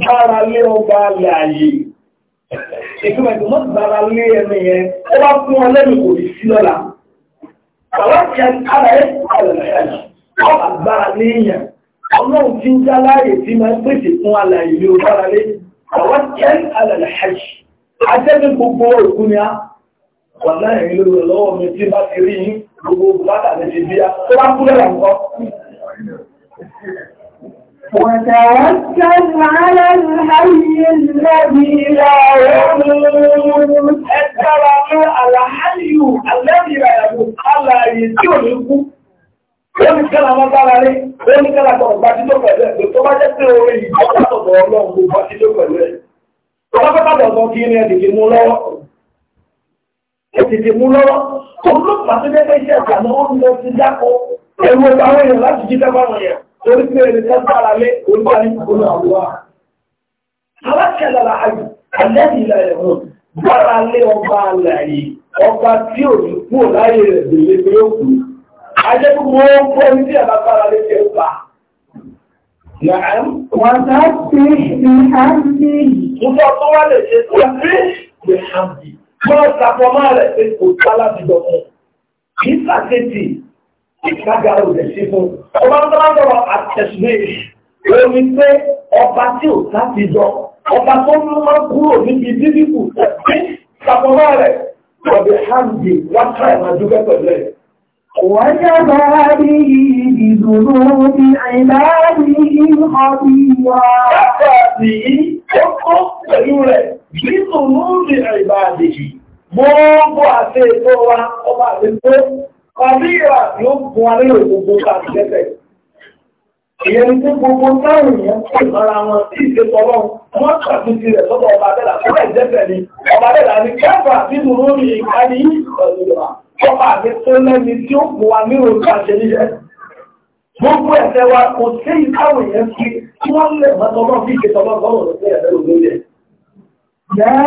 gbára lé ọba alẹ́ ààyè ìtumẹ̀tì mọ́ gbára lé ẹni yẹn ó bá fún ọ lẹ́nu kò rí sí lọ́la bàbá ti ẹ kára ẹ àlẹ́ àyè ọba gbára lé yẹn ọlọ́run ti ń já láàyè tí máa ń pèsè fún alàyè ní ọgbára lé bàbá ti a wà láàrin lórí ọlọ́wọ́ mi tí bá ti rí yín gbogbo bàtà lè ti bí a tó bá kú lẹ́la وتوكل على الحي الذي لا يموت ẹ̀tẹ́ra ní àlàáyù alẹ́bìrà ẹ̀rù alààyè tí ò ní kú lóníkẹ́lá mọ́sára rí lóníkẹ́lá tọ̀rọ̀ bá tító pẹ̀lú ẹ̀ tó bá jẹ́ pé orí ìjọ́pátọ̀dọ̀ ọlọ́run ló bá tító pẹ̀lú ẹ̀ tó bá pátọ̀dọ̀ kí ní ẹ̀dìdì mú lọ́wọ́ ẹ̀dìdì mú lọ́wọ́ tó ló pàtó jẹ́ pé iṣẹ́ ìgbà náà ó ń lọ sí dákọ̀ ẹ̀rù ẹ̀bá àwọn èèyàn láti jí dábàwọn èèyàn torí pé ẹni tó dára lé olúwa ní ìpolówó àwòrán. alákẹ́lá la ayò àlẹ́bí ilẹ̀ ẹ̀rọ dára lé ọba àlàyé ọba tí ò ní kú láyé rẹ̀ délé pé ó kú. ajẹ́ kí wọ́n ń bọ́ ní tí ẹ̀rọ dára lé tẹ̀ bá. Wàtàkì ìhàmì. Mo sọ tó wá lè ṣe tó ṣe ìhàmì. Mo sàpọ̀ máa rẹ̀ pé kò sálà ti dọ̀kun. Kì ìgbàgbàrò rẹ̀ sí fún. Ọba ń bá lọ́rọ̀ àtẹ̀sùwé omi pé ọba tí ò láti jọ, ọba tó ń máa kúrò níbi bíbíkù pé ṣàkóbá rẹ̀ ọ̀dẹ̀ hàndì wákà ẹ̀ máa dúpẹ́ pẹ̀lú ẹ̀. Wàjábà rí ìdùnnú ní àìláàrí ìhọ̀bí wa. Yàtọ̀ sí ó kó pẹ̀lú rẹ̀ ìdùnnú ní àìláàrí. Gbogbo àti ètò wa, ọba àti ètò Kọ̀bíyà yóò fún wa nílò gbogbo káàkiri lẹ́sẹ̀. Ìyẹn ni pé gbogbo táwọn èèyàn pè mọ́ra wọn tí ìṣe tọ́lọ́ wọn ṣàtúnṣe rẹ̀ sọ́dọ̀ ọba Adẹ́là tó rẹ̀ jẹ́sẹ̀ ni. Ọba Adẹ́là ni kẹfà nínú lórí ìkàdí ìkọ̀lùwà. Ọba àti tó lẹ́ni tí ó fún wa nílò káàkiri níṣẹ́. Gbogbo ẹ̀ṣẹ̀ wa kò sí ìkáwọ̀ yẹn fi wọ́n lè mọ́ tọ́lọ́ fi ìṣe tọ́lọ́ يا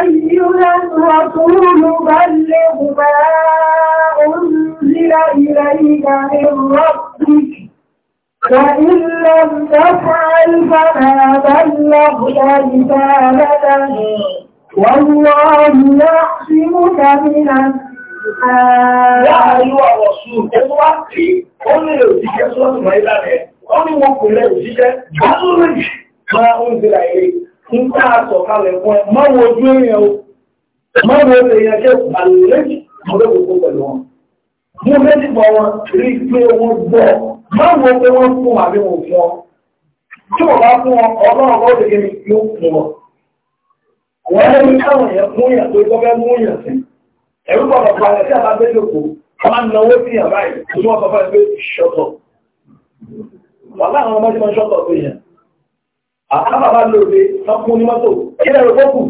أيها الرسول بلغ ما أنزل إليك من ربك فإن لم تفعل فما بلغت رسالته والله يعصمك من الناس يا أيها الرسول اغلقي قل لأوزيك سورة مائدة قل وقل لأوزيك جزر ما أنزل إليك ń ká àtọ̀kalẹ̀ fún ẹ mọ́wọ́ ojú èèyàn o mọ́wọ́ ojú èèyàn ṣe àlèjì mọ́lẹ́gbogbo pẹ̀lú wọn mú méjì bọ̀ wọn rí pé wọ́n gbọ́ mọ́wọ́ pé wọ́n fún àbí wọn fún ọ tí wọ́n bá fún ọ ọlọ́run bó ṣe kéde yóò fún ọ wọ́n lé ní káwọn èèyàn mú yàn tó gbọ́ fẹ́ mú yàn sí ẹ̀rú gbọ́dọ̀ parẹ́ sí àbábẹ́ lòkó ọmọ náwó sí yàn báyìí tí wọ́n sọ fẹ́ pé ṣọ́tọ̀ àbábà bá lòdì tọkùn ní mọ́tò kílẹ̀ rẹ̀ fọ́kù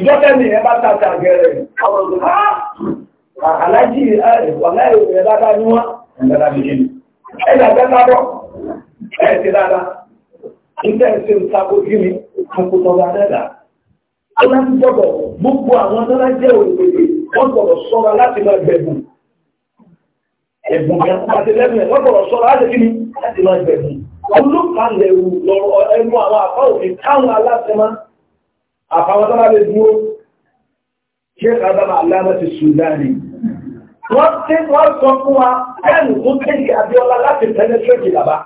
ìjọ́tẹ́ ni ẹ bá tàtà gẹ̀rẹ̀ àwọn ọ̀dọ́ aláàjì wàláyò rẹ̀ dáadáa ní wọ́n ẹ̀dára bí kíni ẹ̀yà bẹ́ta bọ́ ẹ̀ ti dáadáa ìtẹ́ ìṣe ìtakò kíni àkótọ́ bá dẹ́dà ó láti gbọ́dọ̀ gbogbo àwọn tó láti jẹ́ òrùpèdè wọ́n gbọ́dọ̀ olùkàlẹ̀ ẹ̀rù lọ́rọ̀ ẹnu àwọn àfá òfin káwọn aláṣẹmá àfàwọn tó bá lè dúró ṣe kàdàmà aláàmà ti sùdáàrí wọ́n tí wọ́n sọ fún wa ẹnu tó tẹ́lì Abíọ́lá láti pẹnẹtrẹ́tì bàbá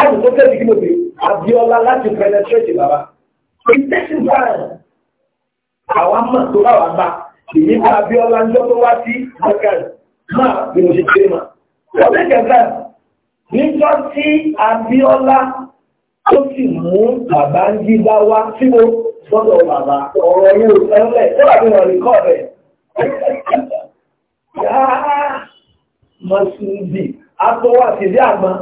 ẹnu tó tẹ́lì kí ló dé Abíọ́lá láti pẹnẹtrẹ́tì bàbá ìtẹ́sìn báyìí àwọn mọ̀ tó bá wà bá èyí bá Abíọ́lá ń lọ́tọ́ wá sí mọ́kàn máa bí mo ṣe kéré mà wọ́n lè jẹ́ báyìí níjọ́ tí Abíọ́lá tó sì mú bàbá ń jígbá wá tí mo sọ́dọ̀ bàbá ọ̀rọ̀ yóò ẹlẹ́ tó wà nínú ọ̀ríkọ́ rẹ̀. Mọ̀sùlùmí atọ́wà sí ilé àgbọn.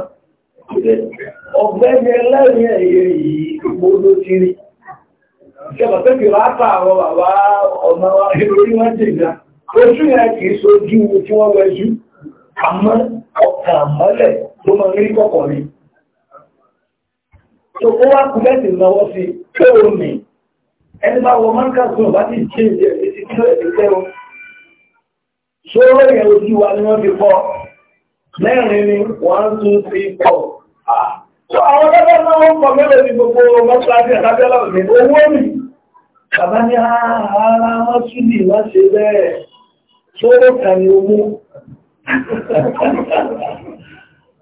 Ọ̀gbẹ́ni ẹlẹ́rìn ẹ̀yẹ yìí gbogbo ti rí. Ìjọba pé kìí rápá àwọn bàbá ọ̀nà wa lórí wọn jìnnà. Ojú yẹn kìí sojú tí wọ́n wẹjú. Àmọ́ ọkàn mọ́lẹ̀ ló máa rí kọ̀kọ̀ ni. tó ó wá kú lẹ́sìn náwó sí pé ó nì ẹni bá wọ máa ń kàtún ọ̀bá ti jí ìjẹ́ èsì kí lóye ti tẹ́wọ́. sóró yẹn ojú wa ni wọ́n ti kọ́ mẹ́rin ni one two three four. tó àwọn ọlọ́dọ́ náà wọ́n kọ mẹ́rin ní gbogbo mọ́ṣáláṣí àtàbíọ́lá òní owó mi. bàbá ní ah, ara wọn tún lè wá ṣe bẹ́ẹ̀ sóró kan ni owó. (laughs)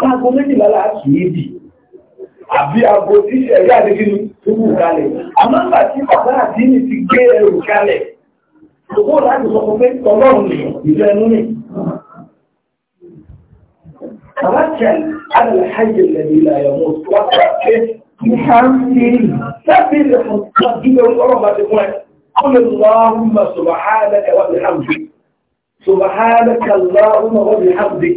Aago méjìlá láti méjì. Àbí aago tí ṣẹ̀rí àdégínú tó wù kalẹ̀. Àmọ́ nígbà tí bàbá àti ní ti gbé ẹrù kalẹ̀. Òkú láti sọ pé tọlọ́run ni ìlú ẹnu ni. Bàbá jẹ́ àdàlàyé lẹ́nu اللهم سبحانك وبحمدك سبحانك اللهم وبحمدك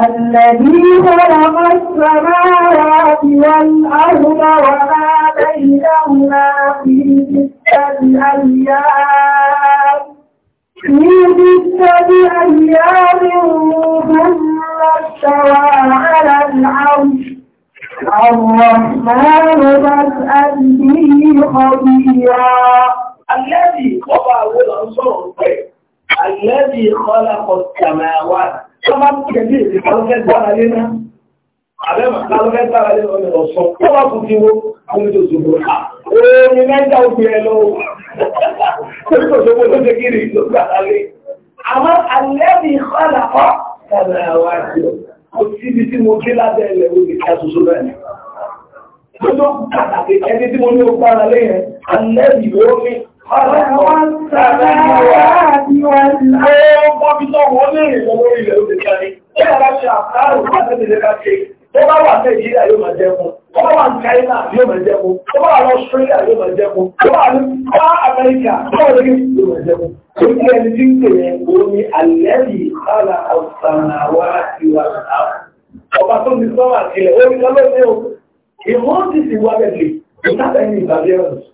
الذي خلق السماوات والأرض وما بينهما في ستة أيام في ستة أيام ثم استوى على العرش الرحمن فاسأل به خبيرا الذي الذي خلق السماوات tó bá kẹ̀lé èdè kálọ́fẹ́ dára lé náà àbẹ́mà kálọ́fẹ́ dára lé ọ̀nà ọ̀sán tó bá kù ti wo àwọn ètò òṣogbo à oòrùn náírà òkú ẹ lọ torí kò ṣogbo ló ṣe kiri ló gbà lálẹ́ àmọ́ alẹ́ mi kọ́là ọ́ kàlà àwọn àti kò síbi tí mo gbé lábẹ́ ilẹ̀ òbí ká ṣoṣo bẹ́ẹ̀ tó tó pàtàkì ẹni tí mo ní ó gbára lé yẹn alẹ́ mi ó ní Tó bá wà Nàìjíríà yóò máa jẹun, tó bá wà China yóò máa jẹun, tó bá wà Australia yóò máa jẹun, tó bá wà Amẹ́ríkà yóò máa jẹun. Tó kí ẹni tí ń tèrè omi àlẹ́bì kálà àwọ̀sànàwà ìwà àwọn. Ọba tó ti sọ́wà sílẹ̀, orí kan ló ní o. Ìmọ̀ ti sì wá bẹ̀lẹ̀, ìtàbẹ̀ ní ìbàbí ọ̀rọ̀.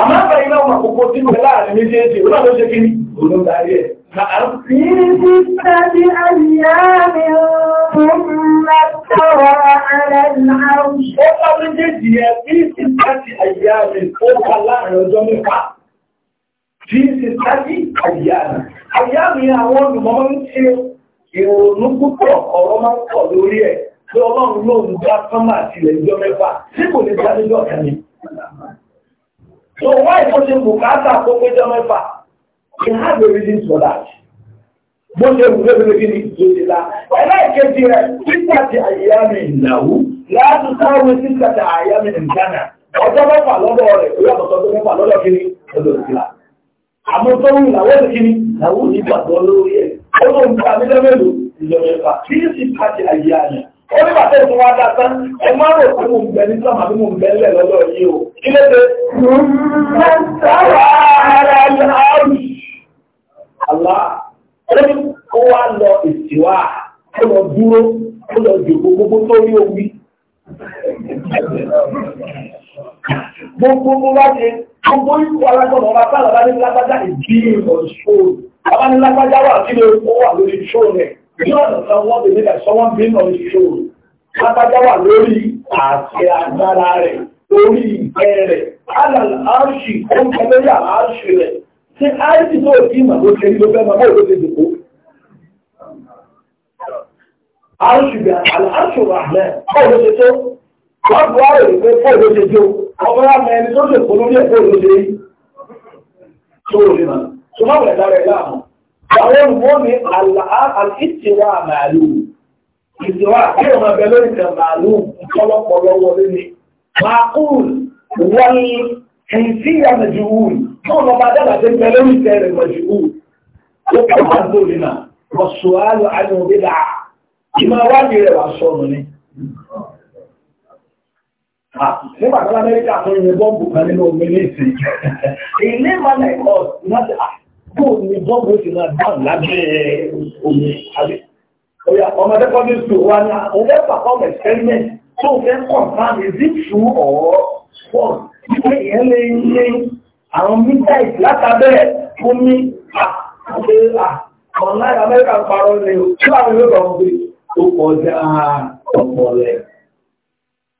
Àmọ́ àgbà iná ọmọ àkókò tí ó láàrin méjèèjì, ó náà ló ṣe kí ní òun darí ẹ̀. Fi sí sẹ́bí àyà mi fún mẹ́tọ́rọ ààrẹ náà. Ó bá méjèèjì yẹn, fi sí sẹ́bí àyà mi ó bá láàrin ọjọ́ mẹ́fà. Fi sí sẹ́bí àyà mi. àwọn olùmọ́ So why bó ṣe bùkátà tó péjọ mẹ́fà? He has a reason for that. Bó ṣe wù lébèrè kí ni ìjọ ti la. Ẹlẹ́ẹ̀kejì rẹ̀ títà ti àyíyá mi ìnáwó láti sáré títà ti àyíyá mi ìdáná. Ọjọ́ mẹ́fà lọ́dọ̀ rẹ̀ ó yàtọ̀ sọ́jọ́ mẹ́fà lọ́dọ̀ kí ni ọjọ́ ti la. Àmọ́ tó ń ìnáwó ti kí ni ìnáwó ti gbàgbọ́ lórí ẹ̀. Ó ló ń gbà nílẹ̀ mélòó ìjọ mẹ́fà. Kí ni títà ti àyíyá mi? ó ní bàtẹ́ ìfún wa dá tán ẹ má rò pé mo ń bẹ ní sọ́mà bí mo ń bẹ nílẹ̀ lọ́dọ̀ yìí o kí ló dé. àlá ẹni ó wá lọ ìsìwá ó lọ dúró ó lọ jòkó gbogbo tó rí omi. gbogbo bó bá ṣe gbogbo ikú alágbọ̀nà ọba sáà lọ́ba ní lágbájá ìdí ìrọ̀ ṣóòrò ọba ní lágbájá wà sílé ó wà lórí ṣóòrò rẹ̀. Beyond someone believe that someone being on his show, Lápájá wà lórí àṣẹ agbára rẹ̀, lórí ìfẹ́ rẹ̀, Alan Arshi, ó ń kẹ́lẹ́ Arshi rẹ̀. Ṣé Arshi tó kí mà ló ṣe ló fẹ́ máa báwo ló ṣe Arshi bẹ̀ Alan Arshi wà mẹ́, báwo ló ṣe tó? Wọ́n bu ara rẹ̀ pé báwo ló ṣe jó? Ọmọ rà mẹ́rin àwọn olùmọ́ mi màálù ìsìwá kí o máa bẹ lórí màálù ìtọ́lọ́pọ̀ lọ́wọ́ lórí màákùl wọ́n ẹ̀yìn sí ìyá mẹjùúl náà lọ bá dábàá tó bẹ lórí tẹ ó kọ̀ wá lórí náà ọ̀ṣọ́ àlọ́ àyàn òbí ìmọ̀ wádìí rẹ̀ wà (laughs) bóò ni bọ́ọ̀bù ó sì máa dáhùn lábẹ́ omi àbí. Oya ọmọdé kọ́ ní sùn wa ní àwọn ẹ̀fà ọmọ experiment tó fẹ́ confirm is it true or false. Ìgbé yẹn lè ní àwọn midnight látàbẹ́ omi àti àwọn náírà Amẹ́ríkà ń parọ́ ni o. Kí wàá nílò kan pé ó kọjá ọ̀pọ̀lẹ̀.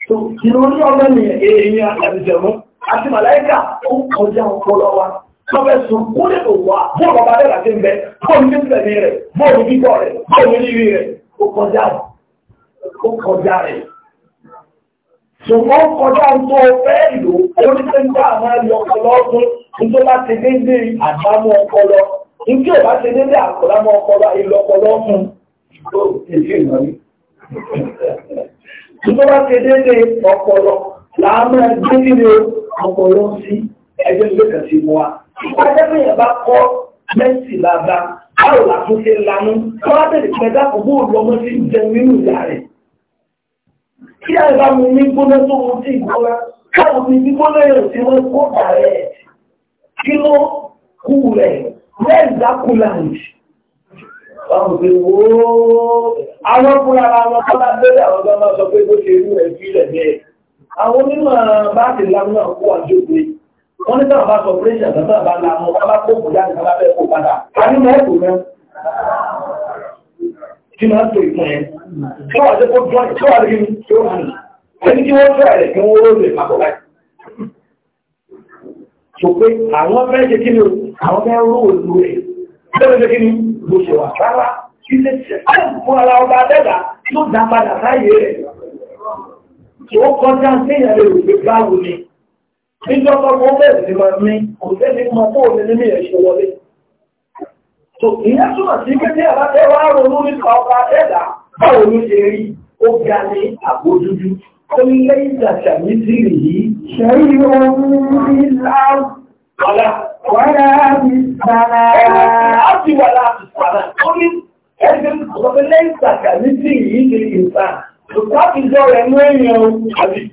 So ìròyìn ọmọ nìyẹn èèyàn àti jẹ̀mú àti màláìkà ó kọjá ọpọlọ wa lọ́fẹ́ sùn kó lè tó wá bó bàbá rẹ̀ láti ń bẹ bó ní kíkẹ́ ní rẹ̀ bó ní kíkọ́ rẹ̀ bó ní rírí rẹ̀ ó kọjá rẹ̀ ó kọjá rẹ̀. ṣùgbọ́n kọjá ń tó fẹ́ ìlú oníṣẹ́ńtà máa yọ ọpọlọ ọdún nítorí bá ti dédé àdámọ́ ọpọlọ nítorí ò bá ti dédé àkọlámọ́ ọpọlọ ìlú ọpọlọ fún nítorí bá ti dédé ọpọlọ làá máa gbé nílé ọpọlọ sí ẹgbẹ́ ìlú kan ti mú wa. Ìpàdé fẹ́yìn bá kọ́ mẹ́sì bàbá, báwo la tún ṣe lanú, tó wá bẹ̀rẹ̀ pé dákò bó lọ mọ́ sí jẹ nínú ìyá rẹ̀. Kí á bá mu ní gbóná tó mu sí ìgbóná, káwọn mi ní gbóná yóò ti wọ́n kó ààrẹ. Kí ló kú rẹ̀? Where is that coolant? Báwo ṣe wó? Àwọn fúnra wọn tó bá bẹ̀rẹ̀ àwọn ọmọ sọ pé bó ṣe rú ẹ̀ fílẹ̀ ní ẹ̀. Àwọn onímọ̀ bá ti lanú àkó àjòkè wọ́n ní sáà bá sọ pírẹ́ṣẹ̀ tó sáà bá la mọ́ sábà kó kò jáde sábà fẹ́ kó padà a ní mọ́ ẹ̀kọ́ mẹ́ kí máa ń tó ìpín ẹ̀ tí wọ́n àjẹ́kọ́ jọ tí wọ́n àjẹ́kọ́ tí ó hàn ẹni tí wọ́n tọ́ ẹ̀rẹ̀ kí wọ́n ó lè pàpọ̀ láì sọ pé àwọn fẹ́ ṣe kí ni o àwọn fẹ́ rú òlu rẹ̀ bẹ́ẹ̀ ṣe kí ni bó ṣe wà rárá kí ṣe ṣe fún ara ọba níjọba mọ́ bẹ̀rẹ̀ sí máa ní kò tẹ́lẹ̀ mọ́ bó ní nínú ẹ̀ṣẹ̀ wọlé so ìyẹn túmọ̀ sí pé ní àbájẹ́ wá ronú nípa ọba ẹ̀dá báwo ló ṣe rí ó ga ní àbò ó ní lẹ́yìn ìdàṣà ní sílì yìí ṣẹ́rí ohun ní láàrùn wàlá wàlá ní ẹgbẹ́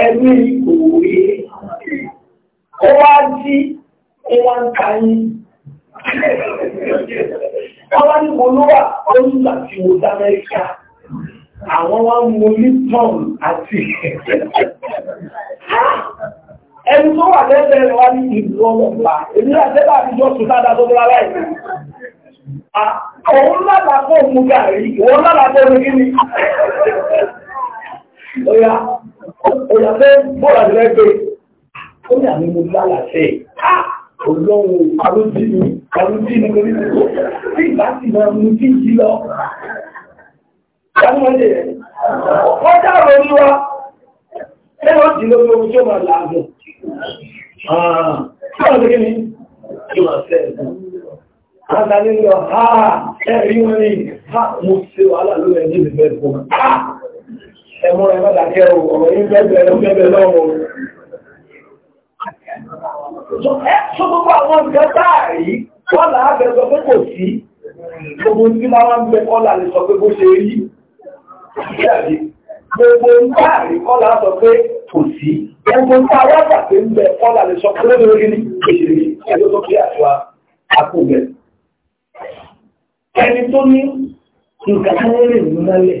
ẹni òwe ó wá jí wọ́n ń ka yín. Wọ́n wá ní mo ló wà oúnjẹ àti mo dá Amẹ́ríkà. Àwọn wá mú Lipton àti ẹni tó wà lẹ́sẹ̀ rẹ̀ wá ní ìlú ọlọ́pàá. Èmi náà tẹ́lá àtijọ́ sùn sáadá tó bọ́lá láì. Òun lálàá kó mú gàrí, òun lálàá kó mú kíni. Ọ̀yà ọ̀yà fẹ́ bọ́ọ̀lù àti Ó ní àmì mo lálàṣẹ. Ah, Ọlọ́run àlójì ni àlójì ni mo ìgbà sì máa mú kí n jí lọ. Ìyáwó lè wọ́n dáàrọ̀ olúwa. Ṣé wọ́n ti lórí ohun tí ó máa láàgùn? Àtàlẹ́ lọ, ha, ẹ̀rí wọn ni, ha, ah, mo ṣe wàhálà lórí ẹ̀jẹ̀ ìbẹ̀rẹ̀ fún mi ẹmọ ẹ bá dàkẹ́ o ọ̀rọ̀ yìí bẹ́ẹ̀ lọ́gbẹ́bẹ̀ lọ́wọ́ sọ gbogbo àwọn nǹkan báyìí wọ́n là á bẹ̀rẹ̀ sọ pé kò sí gbogbo tí máa wá ń bẹ kọ́là lè sọ pé bó ṣe rí gbogbo ń báyìí kọ́là sọ pé kò sí gbogbo ń bá wá pàtó ń bẹ kọ́là lè sọ pé lórí ní ìṣèlú ẹjọ́ tó kí àṣọ àkóbẹ̀ ẹni tó ní nǹkan tó lè mú mọ́lẹ̀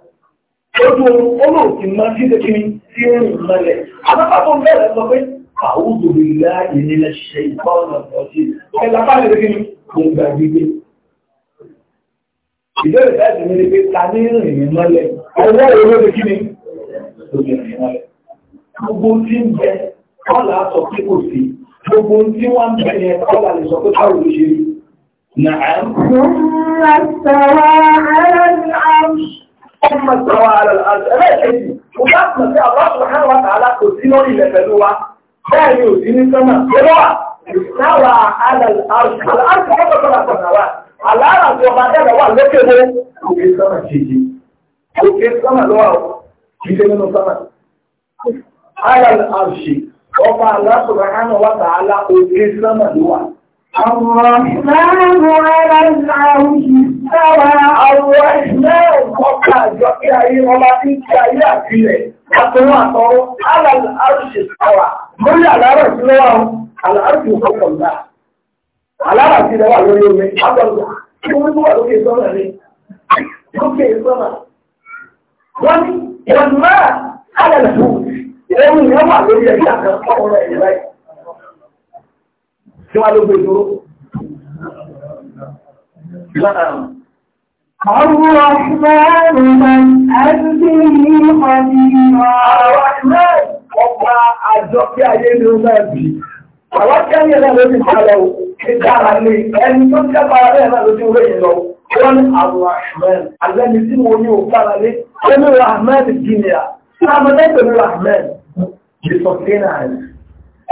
ojú olóòtú máa ń dídé kí tí ó rìn mọ́lẹ̀. Àbábábọ̀ bẹ̀rẹ̀ sọ pé àwùjọ ìlà ìnira ṣe ìkọ́nà ọ̀sí. Ẹ̀la fáwọn ẹ̀rẹ́ kí ni kò gbà gbígbé. Ìbéèrè láti mi ni pé ta ní rìn mọ́lẹ̀. Ọwọ́ olóòtú kí ni kò lè rìn mọ́lẹ̀. Gbogbo tí ń bẹ kọ́là sọ pé kò sí. Gbogbo tí wọ́n ń bẹ yẹn kọ́là lè sọ pé káwọn ò ṣe. Nàá. Mo ń ra sọ̀rọ̀ àárọ̀ ọmọ ìsọ̀rọ̀ àlọ́ ẹlẹ́ẹ̀kejì kò bá kàn sí àwọn àpòkán wa tààlà kò sí lórí ilẹ̀ pẹ̀lú wa bẹ́ẹ̀ ni òsì ní sọ́mà pẹ̀lú wa ìsáwà àlọ́ àti ọ̀pọ̀lọpọ̀ àpọ̀nà wa àlàárà tí ọba dẹ́gbẹ̀ wà lókè mọ́ òkè sọ́mà kejì òkè sọ́mà lọ́wọ́ jíjẹ́ nínú sọ́mà àlọ́ àṣì الرحمن على العرش استوى الرحمن ọkà àjọ kí ayé ọba ní kí ayé àfilẹ̀ àtọwọ́ àtọwọ́ alàlárùsì sáwà lórí àlárùsì lọ́wọ́ àlárùsì òkòkòlá alárùsì lọ́wọ́ lórí omi àtọ̀lá kí wọ́n wà lókè sọ́nà rẹ̀ lókè sọ́nà wọ́n ní ìrànlọ́wọ́ alàlárùsì ẹ̀rù ìyẹn wà lórí ẹ̀yà kan ọ̀rọ̀ ẹ̀yà báyìí tí wọ́n ló gbé ìdúró. Ọ̀rọ̀-ún man àdúgbé ní ọdíwà. Àwọn ilé ọ̀pá àjọ kí ayé ní ọmọ ẹ̀bí. Àwọn kí ayé náà ló ti sálọ ìdára ní ẹni tó jẹ́ bára rẹ̀ náà ló ti rẹ̀ yìí lọ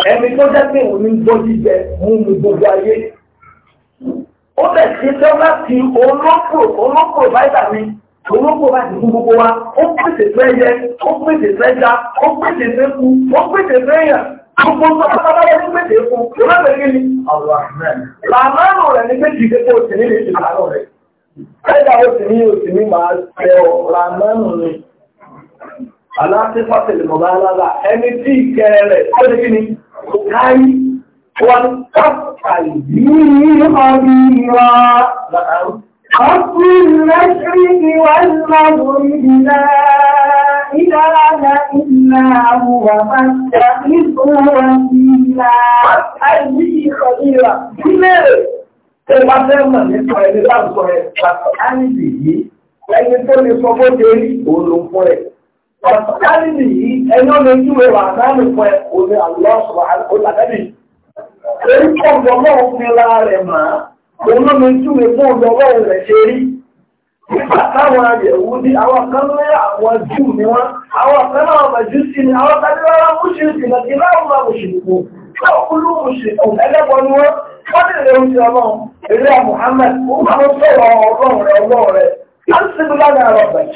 ẹni tó jẹ́ pé òun ń gbọ́ mú mi gbogbo ayé ó bẹ̀ ṣe tẹ́ láti olóko olóko báyìí mi olóko bá fún gbogbo wa ó pèsè fẹ́ ó pèsè fẹ́ ó pèsè fẹ́ ó pèsè fẹ́ gbogbo tó bá bá pèsè fún kí wọ́n bẹ̀rẹ̀ làmánù rẹ̀ ní méjì kékeré òsì ní méjì làánù rẹ̀ ẹ̀dá òsì ní òsì ní màá tẹ ọ làmánù ni aláṣẹ fàtẹlẹ mọ̀lá lára ẹni tí ìkẹrẹ rẹ̀ ó ní kí ni والتفعيل خبيرا رب المشرق والمغرب لا إله إلا هو فاتخذه وكيلا الحي خبيرا Ẹgbà tẹ́mà nípa ẹni láàrín sọ ẹ̀ pàtàkì àìdìyí, ẹni tó Ọ̀sán nìyí ẹni ó lè júwe wà sáàmì fún ẹ òní àlọ́sọ̀rọ̀ olàdẹ́bì. Èyí kò lọ́wọ́ òfin la rẹ̀ máa, òun ló lè júwe fún lọ́wọ́ rẹ̀ ṣe rí. Nígbà táwọn àyẹ̀wò ní àwọn kan ní àwọn jù ní wọn, àwọn kan náà mẹ̀jú sí ni àwọn kan ní rárá mú ṣe ìsìnà kí láwọn máa mú ṣìkò. Ọkùnrin mú ṣìkò ẹlẹ́bọ ni wọ́n, wọ́n lè lè oúnjẹ ọlọ́run, eré Muhammad, ó máa ń sọ̀rọ̀ ọlọ́run rẹ̀ ọlọ́run rẹ̀. Á ń sinmi lára rọ̀bẹ̀tì.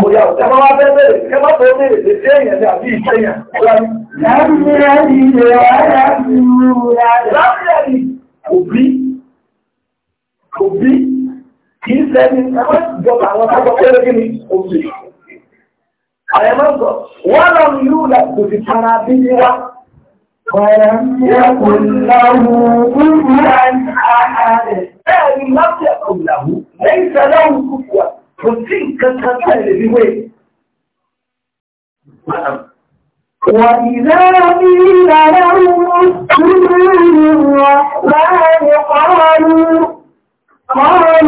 Òbí, òbí, kìí sẹ́ni, ẹgbẹ́ ìjọba àwọn ọjọ́ pẹ́lẹ́ gíní, òbí. Àyẹ̀mọ́ sọ, wọ́n lọ yóò là kò sì tara bí ní wá. Ọ̀rọ̀ ní ẹkùn láwù, kúrú láàrín àárẹ̀. Bẹ́ẹ̀ ni láti ẹkùn láwù, lẹ́yìn tẹ́lẹ̀ kò sí nǹkan kan tá ilé fi wé. وَإِذَا قِيلَ لَهُمُ اسْجُدُوا لِلرَّحْمَنِ قَالُوا قَالُوا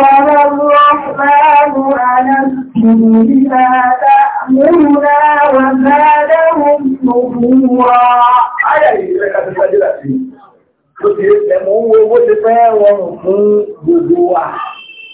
وَلَا الرَّحْمَنُ أَنَسْجُدُ لِمَا تَأْمُرُنَا وَزَادَهُمْ نُفُورًا Ó ti ẹ̀mọ́ owó ti fẹ́ rọrùn fún gbogbo wa.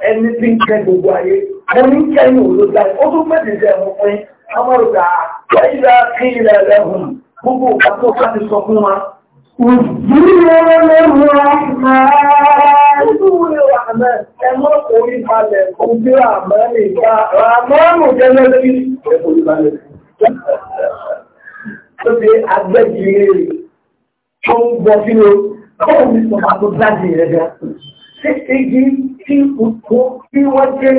ẹni tí ń kẹ gbogbo ayé mo ní kẹyìn òlò dá ó tún mẹ́tì jẹ ẹ̀mọ́ pín amọ́rùdá ẹ̀yà kí ilẹ̀ ẹlẹ́hùn gbogbo òkà tó ká ti sọ fún wa. Òjúlé lẹ́rù àmà ìdúwé àmà ẹmọ́ orí balẹ̀ ojú àmà ìgbà àmọ́rùn jẹ́lẹ́ sí ẹ̀kọ́ orí balẹ̀. Ó ti agbẹ́jìlé rẹ̀ tó ń gbọ́ sínú ọ̀hún ní sọ̀rọ̀ àtúndájì rẹ̀ gan. Ṣé igi tí wọ́n gé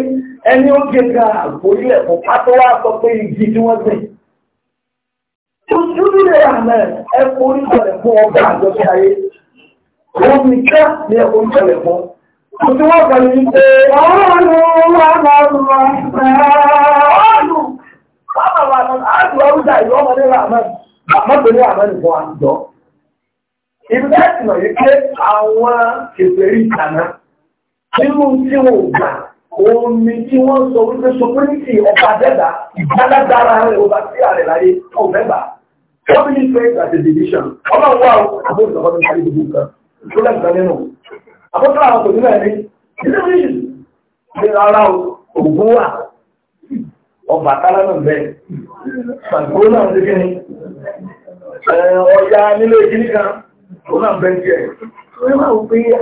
ẹni ó gé ga àgbórílẹ̀ fún pátó wá sọ pé igi tí wọ́n gbé. Ojúlé àmẹ́ ẹ forí sọ̀rẹ̀ fún ọba àjọṣe ayé. Òun nìkan ni ẹ forí sọ̀rẹ̀ fún. Ojú wọn kàn ní pé ọlọ́run wà lọ́rùn ọ̀hún. Bàbá wa lọ àádùn ọ̀rúdà ìlú ọmọdé rà mẹ́. Àmọ́bìnrin àmọ́ nìkan àjọ. Ìbílẹ̀ ìsìnà yìí nínú tí wọ́n gbà omi tí wọ́n sọ wípé sọpínìtì ọba dẹ́gbà ìgbàlágbára rẹ̀ ọba sí ààrẹ láyé ọ̀ mẹ́gbà wọ́n ní pé àti division ọba wà ó àbúrò ìjọba tó ń kárí gbogbo nǹkan tó lẹ́gbẹ̀ẹ́ nínú àbúrò àwọn kò nílẹ̀ ní ilé méjì ní ara ògùn wà ọba tálá náà bẹ́ẹ̀ pàgbó náà ti kí ni ọjà nílé ìdílé kan òun náà bẹ́ẹ̀ tiẹ̀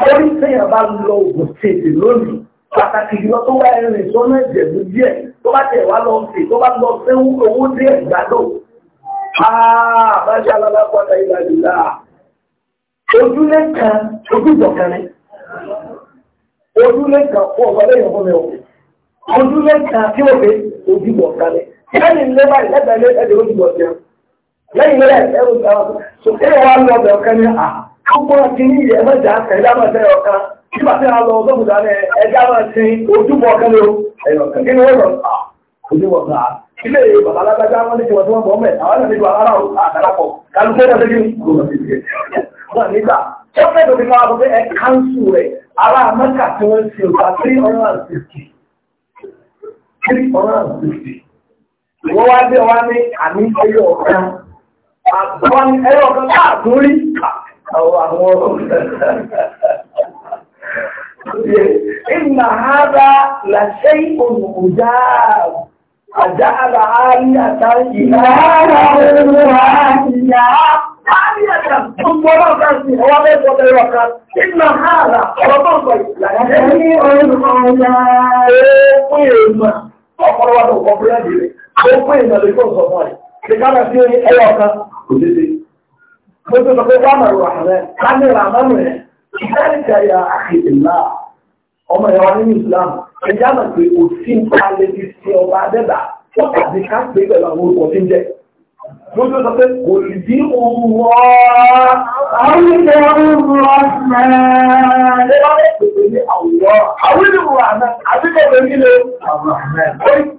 torí sẹ́yìn bá lọ ògùn tètè lónìí pàtàkì jùlọ tó wá ẹrìn sọ́nà ìjẹ̀bú díẹ̀ tó bá tẹ̀ wá lọ sí tó bá lọ sí owó díẹ̀ gbàdọ̀ àbájá alábàpàdà ìlàjìlá ojúlé kan ojúbọ̀ kan ní ojúlé kan fún ọ̀gá lẹ́yìn ọmọ mi ò ojúlé kan kí o fi ojúbọ̀ kan ní lẹ́yìn lẹ́bàá ìlẹ́gbẹ̀ẹ́ ẹ̀dẹ̀ ojúbọ̀ jẹun lẹ́yìn lẹ́yìn ẹ̀rù Ọgbọ́n ti ní ilẹ̀ mẹ́jà ẹ̀dá máa tẹ́ ọ̀kan. Nígbà tí a lọ ọgọ́gùn dáná ẹ̀dá máa ti ojúbọ ọ̀kan ló ẹ̀yọ̀kan. Kí ni wọ́n lọ sà? Ojúbọ sà. Ilé ìwé bàbá alágbájá wọn ní tiwọn tí wọ́n bọ̀ mẹ́. Àwọn ẹ̀mí ìwà Ìnà ara làṣẹ́ ìpòlù òjáàrù, àjá ara àárí àtà ìlà ara olúwa ìyá àárí àtà tó gbọ́nà ọ̀gá sí ọwọ́ mẹ́fọ́ mẹ́rọ kan. Ìnà ara ọ̀rọ̀mọ̀ ìlàṣẹ́ ìpòlù òjáàrù. Ó pè Gbogbo sọ pé wọ́n mọ̀ ìwà rẹ̀, ká ní ìlànà rẹ̀, ìdáríkà ya àkìlá, ọmọ ìyàwó nínú Islam, ẹja mọ̀ pé òfin ká lè fi sin ọba Adẹ́dà, wọ́n tàbí ká pé pẹ̀lú àwọn orúkọ tí ń jẹ́. Gbogbo sọ pé kò lè bí òun wọ́ àwùjọ rúrọ̀ náà. Ṣé wọ́n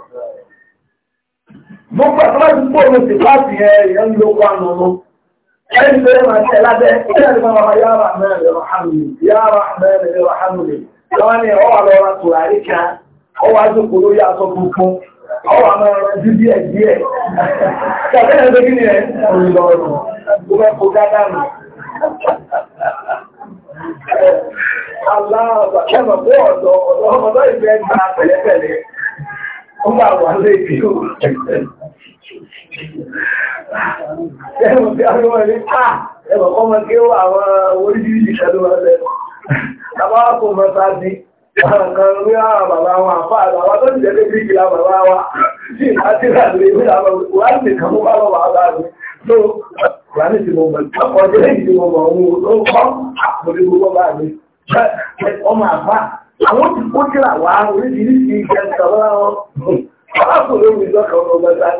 gbogbo àtàlájú bóòlù sí láti ẹ ìyẹn ló wà nínú ẹni tó yẹ máa tẹ lábẹ́ tó máa máa yára mẹ́rin ẹ̀rọ hàmìlì Aláàbà kẹ́mọ̀ ọmọdé ìgbẹ́ gba pẹ̀lẹ́pẹ̀lẹ́ ó bá wà lé ìpínlẹ̀ Ẹ̀wọ̀n àwọn oríṣiríṣi ṣẹlúwọ́ àwọn kan rí àwọn bàbá wa àfáà àwọn tó ti jẹ́ pé bíkì la bàbá wa sí àti ìrìnàjò ìwé àwọn wàá nìkan mú bàbá wa ní. So, wàá ní ti mo mọ̀ ọkọ̀ jẹ́ ń kọ́ lọ́wọ́.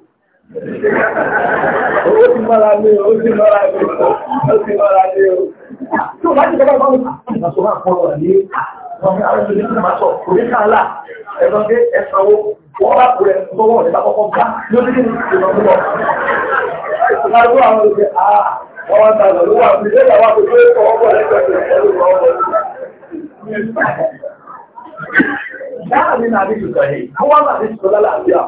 Owó ti mọ́ra lé o, ó ti mọ́ra lé o, ó ti mọ́ra lé o. Tí o bá ti kọ́kọ́ bọ́ọ̀lù, ìgbàsọ́ máa pọ̀ wà ní ọmọ àwọn ìṣòro tí máa sọ, kò ní kàn lá, ẹ̀sán pé ẹ̀sán owó, wọ́n bá kú rẹ̀ tọwọ́ rẹ̀ bá kọ́kọ́ bá lórí ní ìṣòro tó lọ. Ìgbàgbọ́ àwọn òṣè à ọmọ ìtàgbà ló wà ní ilé ìyàwó àkókò ẹ̀kọ́ ọkọ̀ lẹ́gbẹ̀ẹ́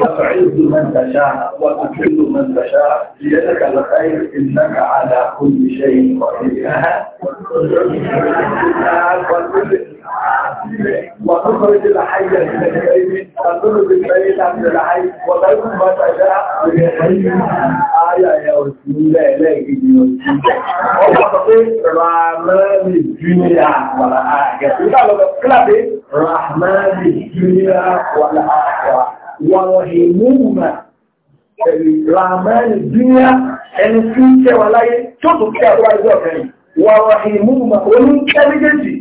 وتعز من تشاء وتذل من تشاء بيدك الخير انك على كل شيء قدير وتخرج الحي من الكريم وتخرج الميت من الحي وتعز من تشاء بيدك آية يا رسول الله إليك وتطيب رحمن الدنيا والآخرة رحمن الدنيا والآخرة wàrọ̀hìmúùmà ràmánì dúnyá ẹni tí ń kẹwà láyé tó tó kí àwọn àjọ ọ̀fẹ́rin wàrọ̀hìmúùmà oníkẹ́ méjèèjì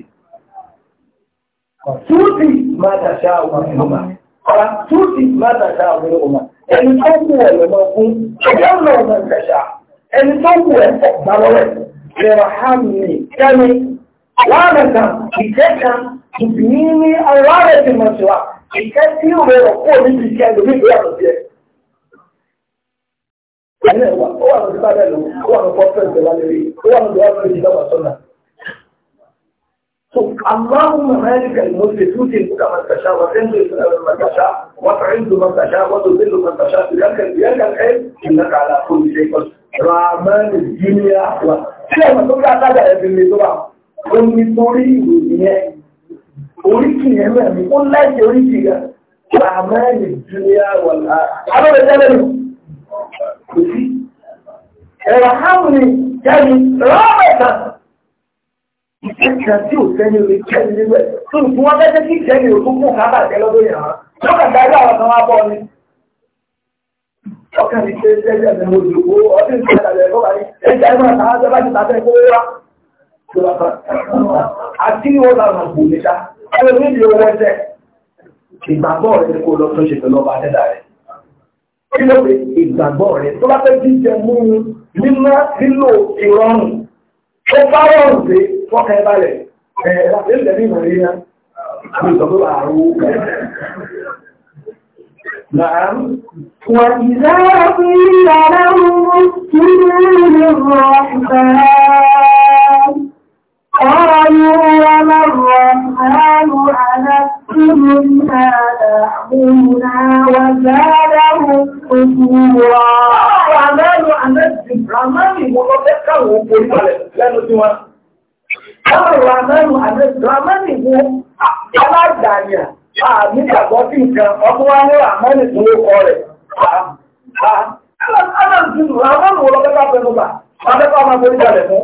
túùtì máa dàṣà òmìnira ọ̀rá túùtì máa dàṣà òmìnira ẹni tó kù ẹ̀ lọ́mọ fún ẹgbẹ́ ọ̀nà ọ̀nà ẹni tó kù ẹ̀ ìkẹ́ tí ó rẹ̀ rọ̀ kó níbi ìkẹ́ lórí ìgbé àtọ̀ sí ẹ̀. Ẹ̀yẹ́ wà ó wà lórí bàbá ẹ̀lú, ó wà lórí pọ́pẹ́ ìjọba lórí, ó wà lórí ọ̀rọ̀ ìjọba wà sọ́nà. So, اللهم مالك الملك تؤتي الملك من تشاء وتنزل من تشاء وتعز من تشاء وتذل من تشاء بيدك بيدك العلم انك على كل شيء قدير. رحمن الدنيا والآخرة. Ṣé ọ̀nà oríkì yẹn eme ni ó láìsí oríkì yẹn àmẹ́rì júlíà wà lára. tẹ́lẹ̀ mi kò sí. Ẹ̀rọ hábùnì jáde rọ́ọ̀mẹ̀ta. Ìkẹ́kẹ́ tí ò sẹ́ni orí kẹ́ni Tó wọn fẹ́ kí ìjẹ́ni òkú kún ká bàjẹ́ lọ́dún yàrá. Lọ́kàn dájú àwọn kan wá ni. Ọkàn mi ṣe ṣẹ́jẹ́ ẹ̀sẹ̀ mo ẹgbẹ́ mi lè wọ́n ẹsẹ̀ ìgbàgbọ́ rẹ kó lọ tó ṣe pẹ̀lú ọba dẹ́dà rẹ̀ kí ló pé ìgbàgbọ́ rẹ tó bá fẹ́ jíjẹ mú níná nílò ìrọ̀rùn tó bá rọrùn pé fọ́kàn ẹ balẹ̀ ẹ̀ láti ilẹ̀ ní ìmọ̀rí náà àmì ìtọ́jú àrùn نعم وإذا قيل لهم اسجدوا للرحمن قالوا وما الرحمن أنكتم ما نعبدنا وزادهم قصورا Àmẹ́lú àmẹ́sì Ramani mo lọ fẹ́ káwọn orí balẹ̀ lẹ́nu tí wọ́n. Káwọn Ramani àmẹ́sì Ramani mo alájànyà àmì ìgbàgbọ́ sí nǹkan ọdún wá ní Ramani tó ló kọ rẹ̀. Àmẹ́sì Ramani mo lọ fẹ́ káwọn orí balẹ̀ fún.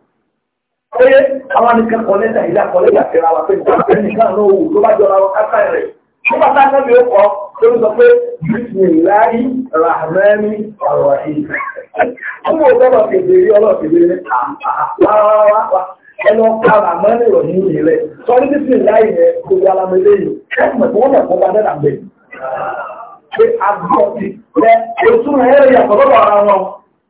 pé àwọn nìkan kọ lẹ́tà ìlà kọ lẹ́tà tẹ̀ra wa pé nígbà pé nìkan náà wò ló bá jọra wọn kápá rẹ̀ nígbà tá a náà bí ó kọ tó ń sọ pé bisimilahi rahmani rahim ọmọ òtọ́lọ̀ kèdè rí ọlọ́ kèdè rí àwárá ẹnu ọkọ rahmani rahim yìí rẹ̀ sọ ní bisimilahi rẹ̀ kò yà lámẹ́lẹ́ yìí ẹ̀sìn tó wọ́n lẹ̀kọ́ bá dẹ́nà bẹ́ẹ̀ pé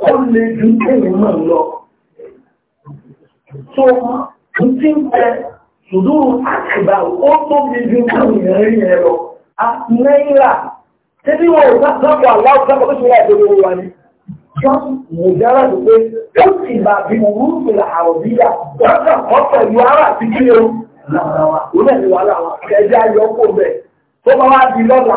ó lè ju èèyàn náà lọ. Tó ń tí ń bẹ ṣùdúrù àkìbà ó tóbi ju káwọn èèyàn rí yẹn lọ. A náírà tí bí wọn ò sábà aláwọ̀ sábà tó ṣe wà lórí owó wa ni. Wọ́n mú pé ó sì bá bí mo rú ìlà àròbíyà wọ́n kà kọ́ ara àti kí o. Làwọn àwọn òun wà bẹ̀. Tó bá wá di lọ́la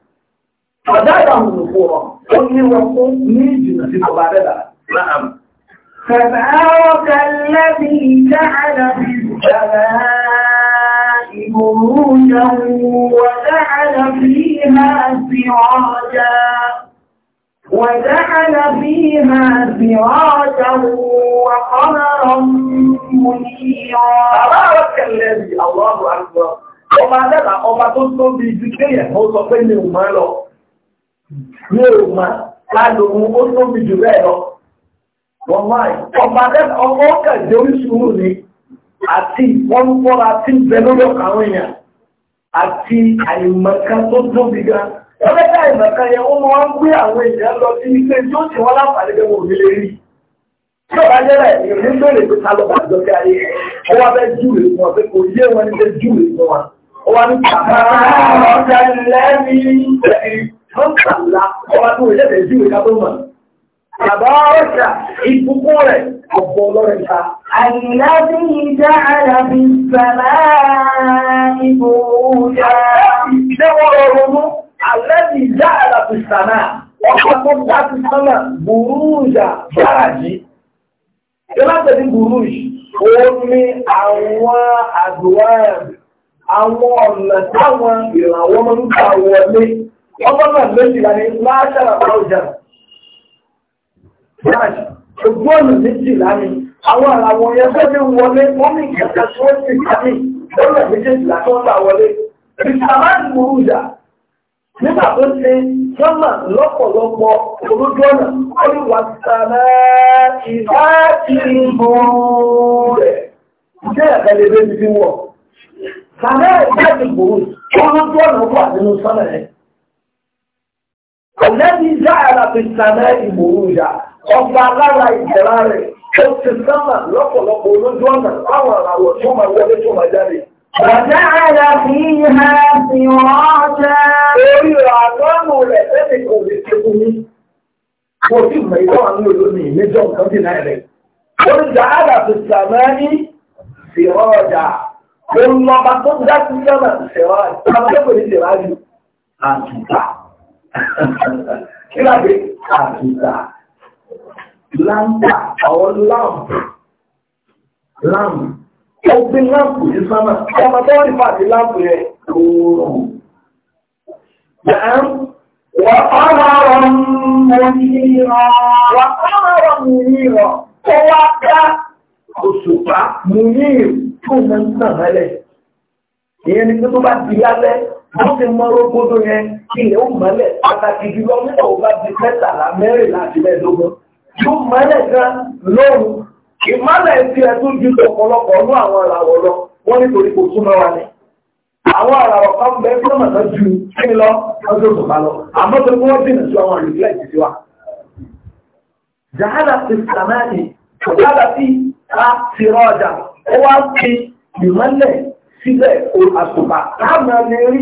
Ọ̀dáàdà ń lò fún ọ, ó ní wọn fún ní ìjìnà sí ọba dẹ́dà náà. فَبَارَكَ الَّذِي جَعَلَ فِي السَّمَاءِ بُرُوجًا وَجَعَلَ فِيهَا سِرَاجًا وَجَعَلَ فِيهَا سِرَاجًا وَقَمَرًا مُنِيرًا تَبَارَكَ الَّذِي اللَّهُ أَكْبَرُ ọba dẹ́ta ọba tó tóbi ju kéèyàn ó ní òòmà lálòun ó tóbi lọ. Wọ́n máa ọba lẹ́nu ọmọ kẹ̀jẹ́ oríṣiríṣi ni àti wọ́n fọ́ra tí bẹ lórí ọkà àwọn àti àìmọ̀kan tó tóbi gan. Ọlọ́dẹ́ àìmọ̀kan yẹn ó máa ń gbé àwọn èèyàn lọ sí ilé tí ó sì wọ́n láǹfààní gẹ́gẹ́ òní lè rí. Tí ọba jẹ́rẹ̀ èèyàn ní bèrè pé bá jọ sí ayé ó wá fẹ́ júwèé fún ọ pé kò yé wọn ní fẹ́ júwèé fún wa. Ó wá ní kàkàrà ọ̀gá lẹ́mí mọ́kànlá ọba tó wọlé ẹ̀fẹ̀ sí ìwéka tó mọ̀. Bàbá ọ̀ṣà ìbùkún rẹ̀ ọ̀bọ̀ lọ́rẹ̀ ta. Àyìnlá bí ìjà àlàbí bàbá ìbò òjà. Ìjẹ́wọ́ ọ̀rọ̀mú, àlẹ́ ti ìjà àlàbí sànà, ọ̀pá tó dá ti sánà bùrúùjà gbáradì. Ìjọba ní bùrúùj, ó ní àwọn àdùwárì, àwọn ọ̀nà táwọn ìrànwọ́ máa ń gbà wọlé ọgọ́rùn-ún méjìlá ní láṣàrà àwùjá ọgọ́rùn-ún méjìlá ní àwọn àràwọ̀ yẹn tó ní wọlé wọ́n ní ìkẹta tí wọ́n ti kà ní lọ́rọ̀ méjìlá tó ń gbà wọlé ìsàmáàdì burújà nígbà tó ṣe jọ́mà lọ́pọ̀lọpọ̀ olójú ọ̀nà olùwà sàmẹ́ ìdá ìbò rẹ̀ jẹ́ ẹ̀kẹ́lẹ́gbẹ́ ti wọ̀ sàmẹ́ ìdá ìbò olójú ọ̀nà wà nínú sọ́nà rẹ̀ Ọ̀lẹ́ni já àlàfin السماء ìmòrújà, ọba alára ìjẹ̀rá rẹ̀, ó ti sánmà lọ́pọ̀lọpọ̀ olójú ọ̀nà láwọn àràwọ̀ tó máa wọlé tó máa jáde. وجعل فيها سراجا Orí àgbọ́nù rẹ̀ lẹ́nì kò lè ṣe fún mi. Mo sì mọ̀ ìwọ́ àánú olómi ìmẹ́jọ nǹkan dì náà rẹ̀. Ó ń jà áàdà fi sàmẹ́ ní siraja. Ó ń lọ bá tó ń dá sí sẹ́mà siraja. Àwọn akẹ́kọ̀ọ́ ní siraja. Àtùkà. Kí láti àkìtà, láńpà, àwọn láàmù, láàmù, ó gbé láàmù sí sánà, ọmọ tó wọ́n nípa àti láàmù rẹ̀ oòrùn. Bẹ̀rẹ̀ wọ́pọ̀lọ́rọ̀ mọ̀ nírọ̀, wọ́pọ̀lọ́rọ̀ mọ̀ nírọ̀, ó wá dá òṣùpá mú ní ìrù tó mọ́ ń tàn mẹ́lẹ̀. Ìyẹn ni pé tó bá di lálẹ́, wọ́n ti mọ rogodo yẹn kí ni ó mọ́lẹ̀ pàtàkì jùlọ nígbà ó bá di mẹ́tàlá mẹ́rìnlá àti mẹ́ẹ̀ẹ́dógún yóò mọ́lẹ̀ gan lóhùn ìmọ́lẹ̀ ti ẹ̀ tó ju ọ̀pọ̀lọpọ̀ ọdún àwọn àràwọ̀ lọ wọ́n nítorí kò súnmọ́ wa ni àwọn àràwọ̀ kan bẹ́ẹ̀ tó mọ̀ náà ju kí ni lọ ọjọ́ òṣùpá lọ àmọ́ tó kí wọ́n dìnnà sí àwọn rìflẹ́ẹ̀tì sí wa. jàhálà a ti rọ ọjà ó wá fi ìmọ́lẹ̀ sílẹ̀ àṣùpá láàmú ẹni rí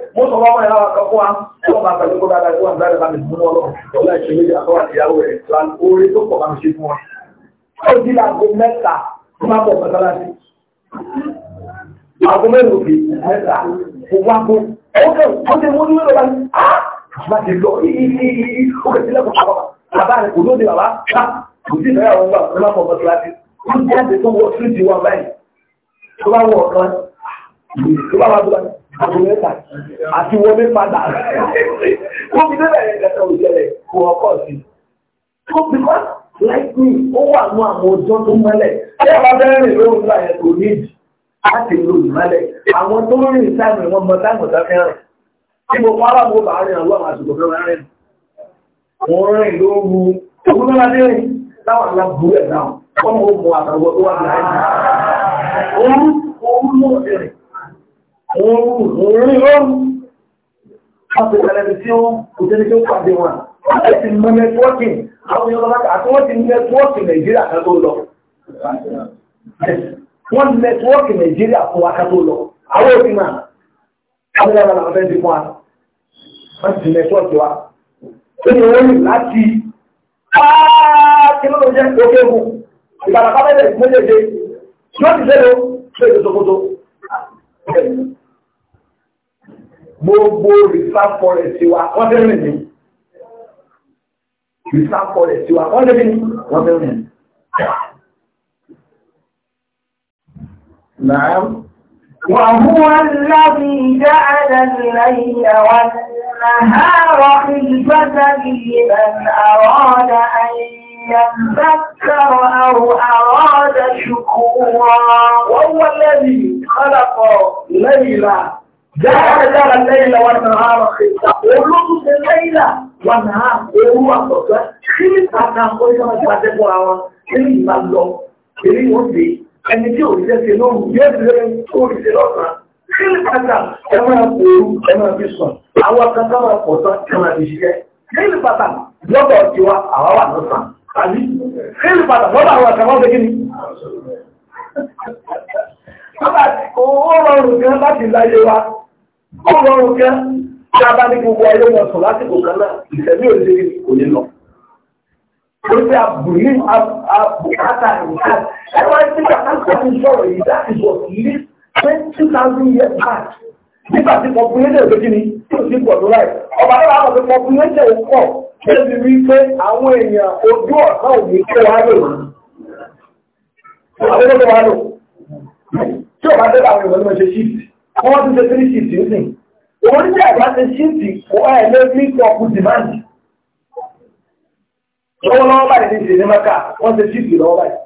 mo sọ wọ́n ẹ̀rọ àkọ́kọ́ wa tó bá pẹ̀lú kó dáadáa tó wà nígbà bá mi mú wọn lọ ọ̀la ìṣe méjì àtọ́ àti ìyàwó rẹ̀ lan oore tó pọ̀ bá mi ṣe fún wa. ó di láago mẹ́ta tó máa pọ̀ mọ́sálásí. àgọ́ mẹ́rin òbí mẹ́ta kò wá gbó. ó kẹ́ ó ti mú nílò bá mi á má ti lọ yíyíyíyí ó kẹ́ sílẹ̀ kó pàpà bàbá rẹ̀ kò lóde bàbá ká kò sí ìfẹ́ àwọn ọgbà tó máa pọ̀ mọ́sálásí àbúrẹ́ta àti wọlé padà kó fi débẹ̀ yẹn kẹta òjẹlẹ̀ kó ọkọ̀ sí. tó bí wá láìpẹ́ ó wà nú àwọn ọjọ́ tó mọ́lẹ̀ ẹ bá bẹ́ẹ̀ rìn lóhùn nígbà yẹn kò ní ìdí láti lo ìmọ́lẹ̀ àwọn tó ń rìn sáàmù wọn mọ táìmù tó fẹ́ràn tí mo pa aláàbò bá rìn àwọn àwọn àsìkò fẹ́ràn rìn wọn rìn lóru òun náà dé rìn láwọn aláàbò ẹ̀ náà wọ́n mọ̀ àtàwọn tó wà láàyè òun òun mọ̀ orí lóòrùn láti ìrẹ̀lẹ̀ tí ó kò tẹ́lẹ̀ tí ó pàdé wọn wọ́n ti mọ nẹ́tíwọ́kì àwọn èèyàn lọ́wọ́ àti wọ́n ti nẹ́tíwọ́kì nàìjíríà kan tó lọ wọ́n nẹ́tíwọ́kì nàìjíríà fún wa kan tó lọ àwọn òfin náà àwọn ọmọ làwọn fẹ́ di fún wa wọ́n ti nẹ́tíwọ́kì wa ó ní wọ́n yìí láti kílódé jẹ́ òkè òkun ìbàdàn kábẹ́lẹ̀ ìgbélé gbogbo reserve forest wa wọ́n fẹ́ rìn ní reserve forest wa wọ́n fẹ́ rìn ní wọ́n fẹ́ rìn ní. نعم وهو الذي جعل الليل والنهار خلفة لمن أراد أن يذكر أو أراد شكورا وهو الذي خلق ليلة جعل لنا الليل والنهار خلقا olóòtú ṣe lẹ́yìnlá wà náà ewu àtọ̀tọ̀ kí ní kàkà ọjọ́ máa ṣàdé bọ̀ àwọn eré ìgbà lọ eré wọn dé ẹni tí ò ṣe ṣe lóru yóò ṣe lóru tó rí ṣe lọ́sàn-án kí ní kàkà ẹ máa kóoru ẹ máa fi sùn àwọn kàkà máa pọ̀ tán ẹ máa fi ṣiṣẹ́ kí ní kàkà lọ́dọ̀ tiwa àwa wà lọ́sàn àbí kí ní kàkà lọ́dọ̀ àwọn àkàmọ́ ṣe kí ni. Nígbà tí kò ó rọrùn gan láti láyé wa ó rọrùn kẹ́ tí a bá ní gbogbo ayé wọn sùn lásìkò kan náà ìṣẹ̀lẹ̀ òde kò ní lọ. Torí pé àbùrí àbùkátà ìrìnká ẹ wá sí kàkàkà ní sọ̀rọ̀ yìí láti bọ̀ sílé twenty thousand years back. Nígbà tí population ló kíni tí ò sí pọ̀ tó láì. Ọba náà wà pé population pọ̀ débi wípé àwọn èèyàn ojú ọ̀sán òní kó wá lò. Àwọn olóòtú wá lò. Tí ò bá dé bá àwọn ìwé ni wọ́n ṣe shift wọ́n ti ṣe three shift yìí sìn wọ́n ní àgbà ṣe shift wọ́n ẹ̀ lé mix up demand lọ́wọ́ lọ́wọ́ báyìí ní ṣe ní maka wọ́n ṣe shift lọ́wọ́ báyìí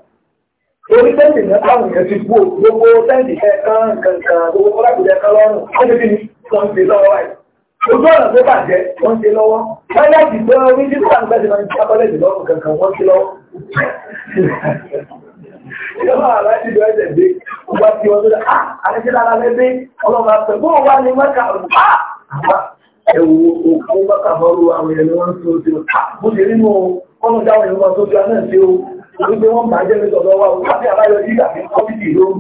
torí tẹ́ǹtì náà táwọn èèyàn ti kú gbogbo tẹ́ǹtì kankan kankan gbogbo kọ́lákùnrin kan lọ́rùn wọ́n ti fi ní wọ́n ti lọ́wọ́ báyìí ojú ọ̀nà tó bàjẹ́ wọ́n ti lọ́wọ́ báyà ti gbọ́ wíńdí tó wà nígbà tí wọ́n ti ìjọba aláàjì ló ẹ̀jẹ̀ dé ọba tí wọn tó dá ah, àrẹ́jẹ́ lára lẹ́gbẹ́ ọlọ́run àpẹ bó wà ní mẹ́ka ah, ọ̀dùnmá ẹ̀wù òkú mẹ́ka bọ́ọ̀lù àwọn èèyàn ni wọ́n ń tó ti ah, bó ṣe nínú ọlọ́run dáwọn èèyàn máa tó ti àná ṣe o torí pé wọ́n bàjẹ́ ní sọ̀dọ̀ wa òkú àti àbáyọ yìí àti kọ́bìtì lóru.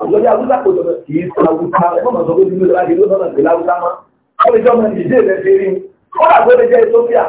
Ọ̀gbọ́dé Awúsá kò jọ̀dọ̀ kì í sọ Awúsá rẹ̀ mọ̀mọ́ sọ pé bí mo lọ́la kì í lọ́sọ̀nà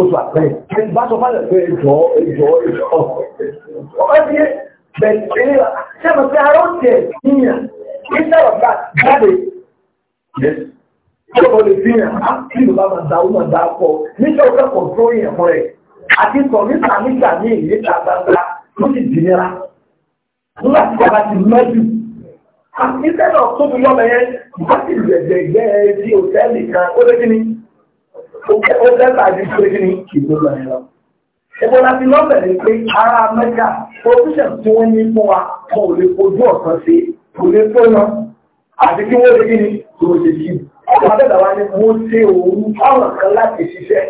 oṣù àpẹẹrẹ ẹni bá sọ fálẹ̀ pé ẹjọ́ ẹjọ́ ẹjọ́ ọ̀pẹ́ bí bẹ̀rẹ̀ ṣẹ́mọ̀ pé ara ó tẹ̀ níyàn kí sẹ́rọ̀ gbà jáde ọ̀pọ̀ lè fi hàn á ah, kí ló bá máa da ó máa da pọ̀ níṣẹ́ ó fẹ́ kọ̀ọ̀tún òyìn ẹ̀kọ́ rẹ̀ àti sọ níta níta ní ìyíta gbangba ló ti dì nira nígbà tí ọba ti mẹ́jù àti sẹ́rọ̀ tóbi lọ́mọ yẹn bá ti rẹ̀ jẹ̀gbẹ́ ẹ̀ bí òtẹ́ẹ̀lì kan ó lé kí ni ó dẹ́ta àti pé kí ni ìgbógbà yẹn lọ. Ìbọ̀dà ti lọ́bẹ̀ ni pé ara mẹ́ta provision tí wọ́n ní fún wa kò lè kojú ọ̀sán sí kò lè tó ná àti kí wọ́n lè kí ni kò lè kí. Ọ̀pọ̀ abẹ́dà wa ni mo ṣe òru fáwọn kan láti ṣiṣẹ́,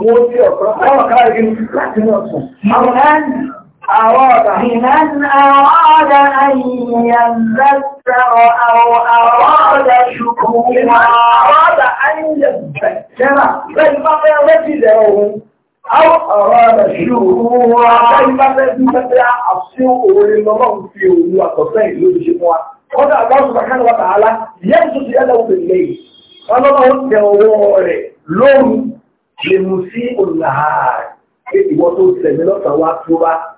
mo ṣe ọ̀sán fáwọn kan láti kí ni láti mọ̀ sùn. Àwọn ẹ̀yìn. أراد لمن أراد أن يذكر أو أراد شكورا أراد أن يذكر بل ما يرد له أو أراد شكورا بل ما يرد السوء لمن في هو تصير له شكورا قد الله سبحانه وتعالى يمسك يده بالليل قال الله تعالى لوم لمسيء النهار إذ وصلت لمن تواصلها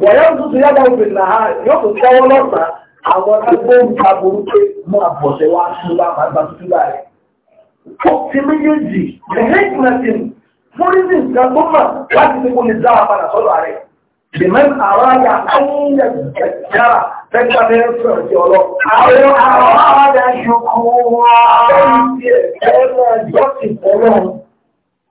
wọ̀nyá ń tuntun yàgbà òfin náà yóò tún tẹ́wọ́ lọ́sàn àwọn agbó ń ta burúkú mú àbọ̀ṣẹ̀ wá sí wa máa gba tuntun báyìí. ó ti méjèèjì the hate machine fún rízì nǹkan tó mọ̀ láti fi kún ní dá a padà sọ́dọ̀ rẹ̀. Bìmẹ́n àwọn àgbà ayé yàrá fẹ́gbà ní sọ̀rọ̀ sí ọlọ́. Àwọn àwọn àgbà ṣokò wá. Bẹ́ẹ̀ni tí ẹ̀ ẹ́ máa jọ́sìn fọlọ́run.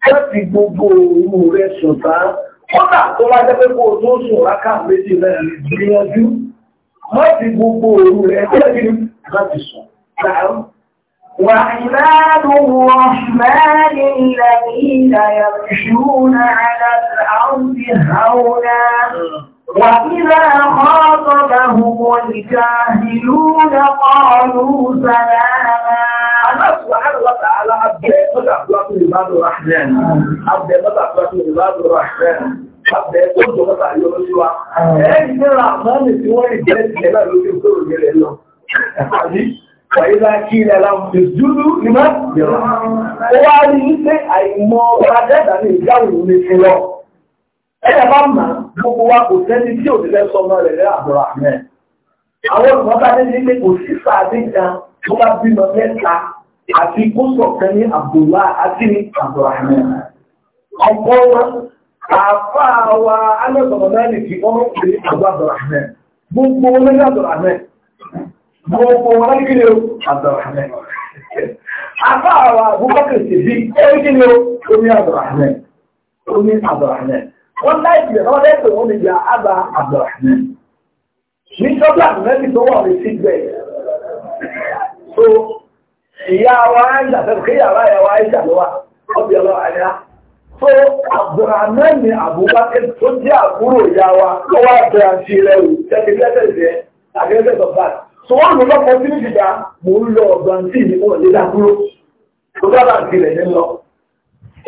Jọ́sìn gbogbo òru rẹ̀ ṣùgbọ́n kódà tó bá jẹ́ pé kó o tó sùn rákà méjì lẹ́yìn وإذا خاطبهم الجاهلون قالوا سلاما Allah subhanahu wa ta'ala abdẹ mọ́ta àpùlátù ìbádò rahman, abdẹ mọ́ta àpùlátù ìbádò rahman, abdẹ tó jọ mọ́ta yóò sí wa. Ẹni tí Ó wá rí ní pé àìmọ̀ ọ̀rọ̀ adẹ́dà ní ìjáwò ní fi ẹ̀yà bá mà gbogbo wa kò sẹ́ni tí òdìlẹ sọmọ rẹ̀ lẹ àbúrò àmẹ àwọn ọmọ bá dé nílé kò sí sàdé kan tó bá bímọ mẹ́ta àti kó sọkẹ ní àbúrò àti ní àbúrò àmẹ ọ̀pọ̀ wọn àfa wa alẹ́sọ̀rọ̀ náà lè fi ọmọ pè é àbúrò àbúrò àmẹ gbogbo wọn lẹ́yìn àbúrò àmẹ gbogbo wọn lẹ́yìn kíni o àbúrò àmẹ àfa wa àbúrò kẹsì bí ẹ̀yìn kíni omi àbúrò àmẹ omi àbúrò àmẹ wọ́n láìpì rẹ̀ lọ́wọ́ lẹ́pẹ̀ wọ́n ni ya àbá àbọ̀rẹ̀ ní sọ́bíà mẹ́bí tó wà ní sígbẹ̀ so ìyá wa àìjà fẹ́fẹ́ kí yàrá ìyá wa àìjà lọ́wọ́ ọbẹ̀ lọ́wọ́ so àbúrámẹ́ ni àbúbákẹ́ tó jẹ́ àbúrò ìyá wa lọ́wọ́ àbẹ̀ àti ilẹ̀ òun tẹ́tẹ́tẹ́tẹ́ àgẹ́gẹ́ bàbá so wọ́n lọ lọ́pọ̀ sí nígbà mò ń lọ ọ̀gbọ̀n tí ìdíkọ̀ lé dá dúró tó dábàá ti rẹ̀ ní lọ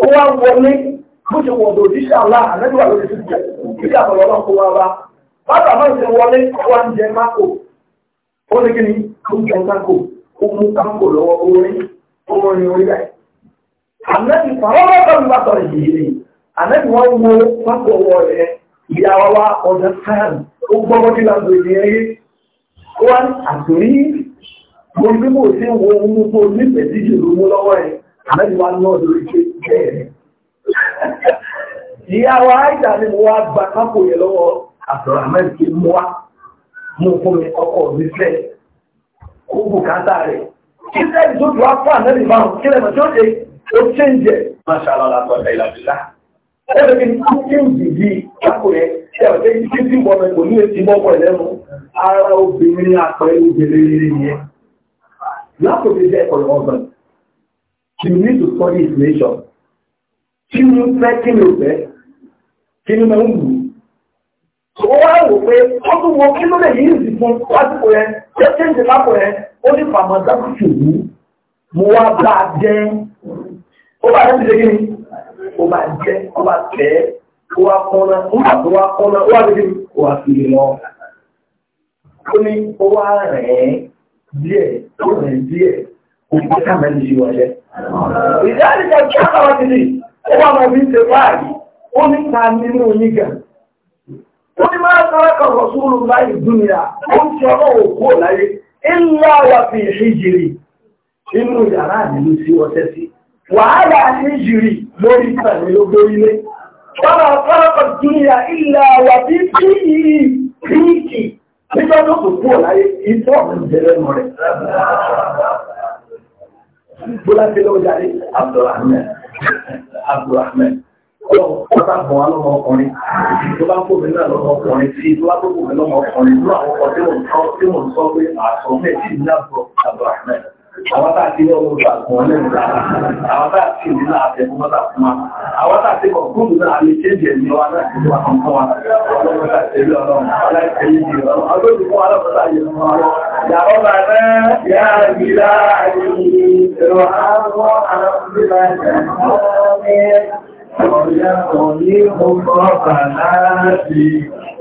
ó wá wọlé bó ṣe wọ̀ ọ̀dọ̀ òjíṣẹ́ àlá àlẹ́dùwà lórí fífẹ́ ìdí àbọ̀lọ́ ọlọ́run kó wá wá bàbá máa ń ṣe wọlé wá ń jẹ mákò ó ní kí ni ó ń jẹ mákò ó mú kánkò lọ́wọ́ orin orin orí rẹ̀ àlẹ́bí pàrọ́wọ́ pẹ̀lú bàtọ̀ yìí ni àlẹ́bí wọ́n wo mákò ọwọ́ rẹ̀ ìyá wa wá ọ̀dọ̀ sáàrù ó gbọ́ bọ́dí làǹdó ìdíyẹn yé wá àtòrí mo ní mo ti wo ohun tó nífẹ̀ẹ́ ìyá wa àìsà ni mo wá gba kápò yẹn lọ́wọ́ abdulhamid kì í mú wa mú fún mi ọkọ mi fẹ́ kó bùkátà rẹ̀ kí sẹ́yìn tó dùn á fún àná lè máa kí lẹ́nu tó ṣe ó ṣe ń jẹ máṣá lọ́la tó ṣe ìlàbílà ó lè fi kú kí n dì bí kápò yẹn ṣe àwọn ẹni tí tí bọ́ mi kò ní etí bọ́ pọ̀ lẹ́nu ara obìnrin àpẹẹrẹ obìnrin yẹn lápò jẹ́ ẹ̀kọ́ ìwọ̀n gan You need to study his nation kí ní fẹ́ kí ní òfẹ́ kí ní máa ń wù ú. ó wá wò pé ó tún wo kí ló lè yí ìsìn fún lásìkò yẹn tó kéńjì lápò yẹn ó ní fàmọ́ dákú ṣòwò mo wá bá a jẹ́ ó bá dá ti ṣe kí ni ó bá jẹ́ ó bá tẹ̀ ó wá kọ́nà ó bá tó wá kọ́nà ó wá ti kí ni ó wá fi lọ. ó ní ó wá rẹ̀ ẹ́ díẹ̀ ó rẹ̀ díẹ̀ òkú ká mẹ́rin ṣe wọlé. ìdáríkà kí á bá wa ti di ó wà mọ̀ bí ṣe fáàrí ó ní ta nínú yíga ó ní máa sárakà rọ̀súrù láì dúnìyà ó ń ṣe ọ̀rọ̀ òkú láyé ńlá wà fi ìṣíjìrì inú yàrá nínú sí ọ̀tẹ́ sí wàhálà ìṣíjìrì lórí tàbí lógórílé wọ́nà sárakà dúnìyà ńlá wà fi fíyì ríkì nígbà tó kò kú láyé ìtọ́ ìbẹ̀rẹ̀ mọ̀ rẹ̀ Bọ́lá ti lọ́wọ́ jáde, Abdullahi. Abdulrahman. Ọ̀pọ̀ta bọ̀ wá lọ́mọ ọkùnrin, tó bá kó mi náà lọ́mọ ọkùnrin sí, tó bá gbogbo mi lọ́mọ ọkùnrin, ló àwọn ọkọ̀ tí mo ń sọ pé àṣọ mẹ́tì ní àbọ̀ Abdulrahman àwọn tá àti ilé ọmọ ìgbàgbọ́ lẹ́nu lára àwọn tá àti ìlú náà àtẹ̀kùn mọ́ta fún wa àwọn tá àti kọ̀ọ̀kùn náà lè kéde ẹ̀mí wa náà ti wà fún wa ọlọ́run tá àti ìlú ọlọ́run aláìsẹ̀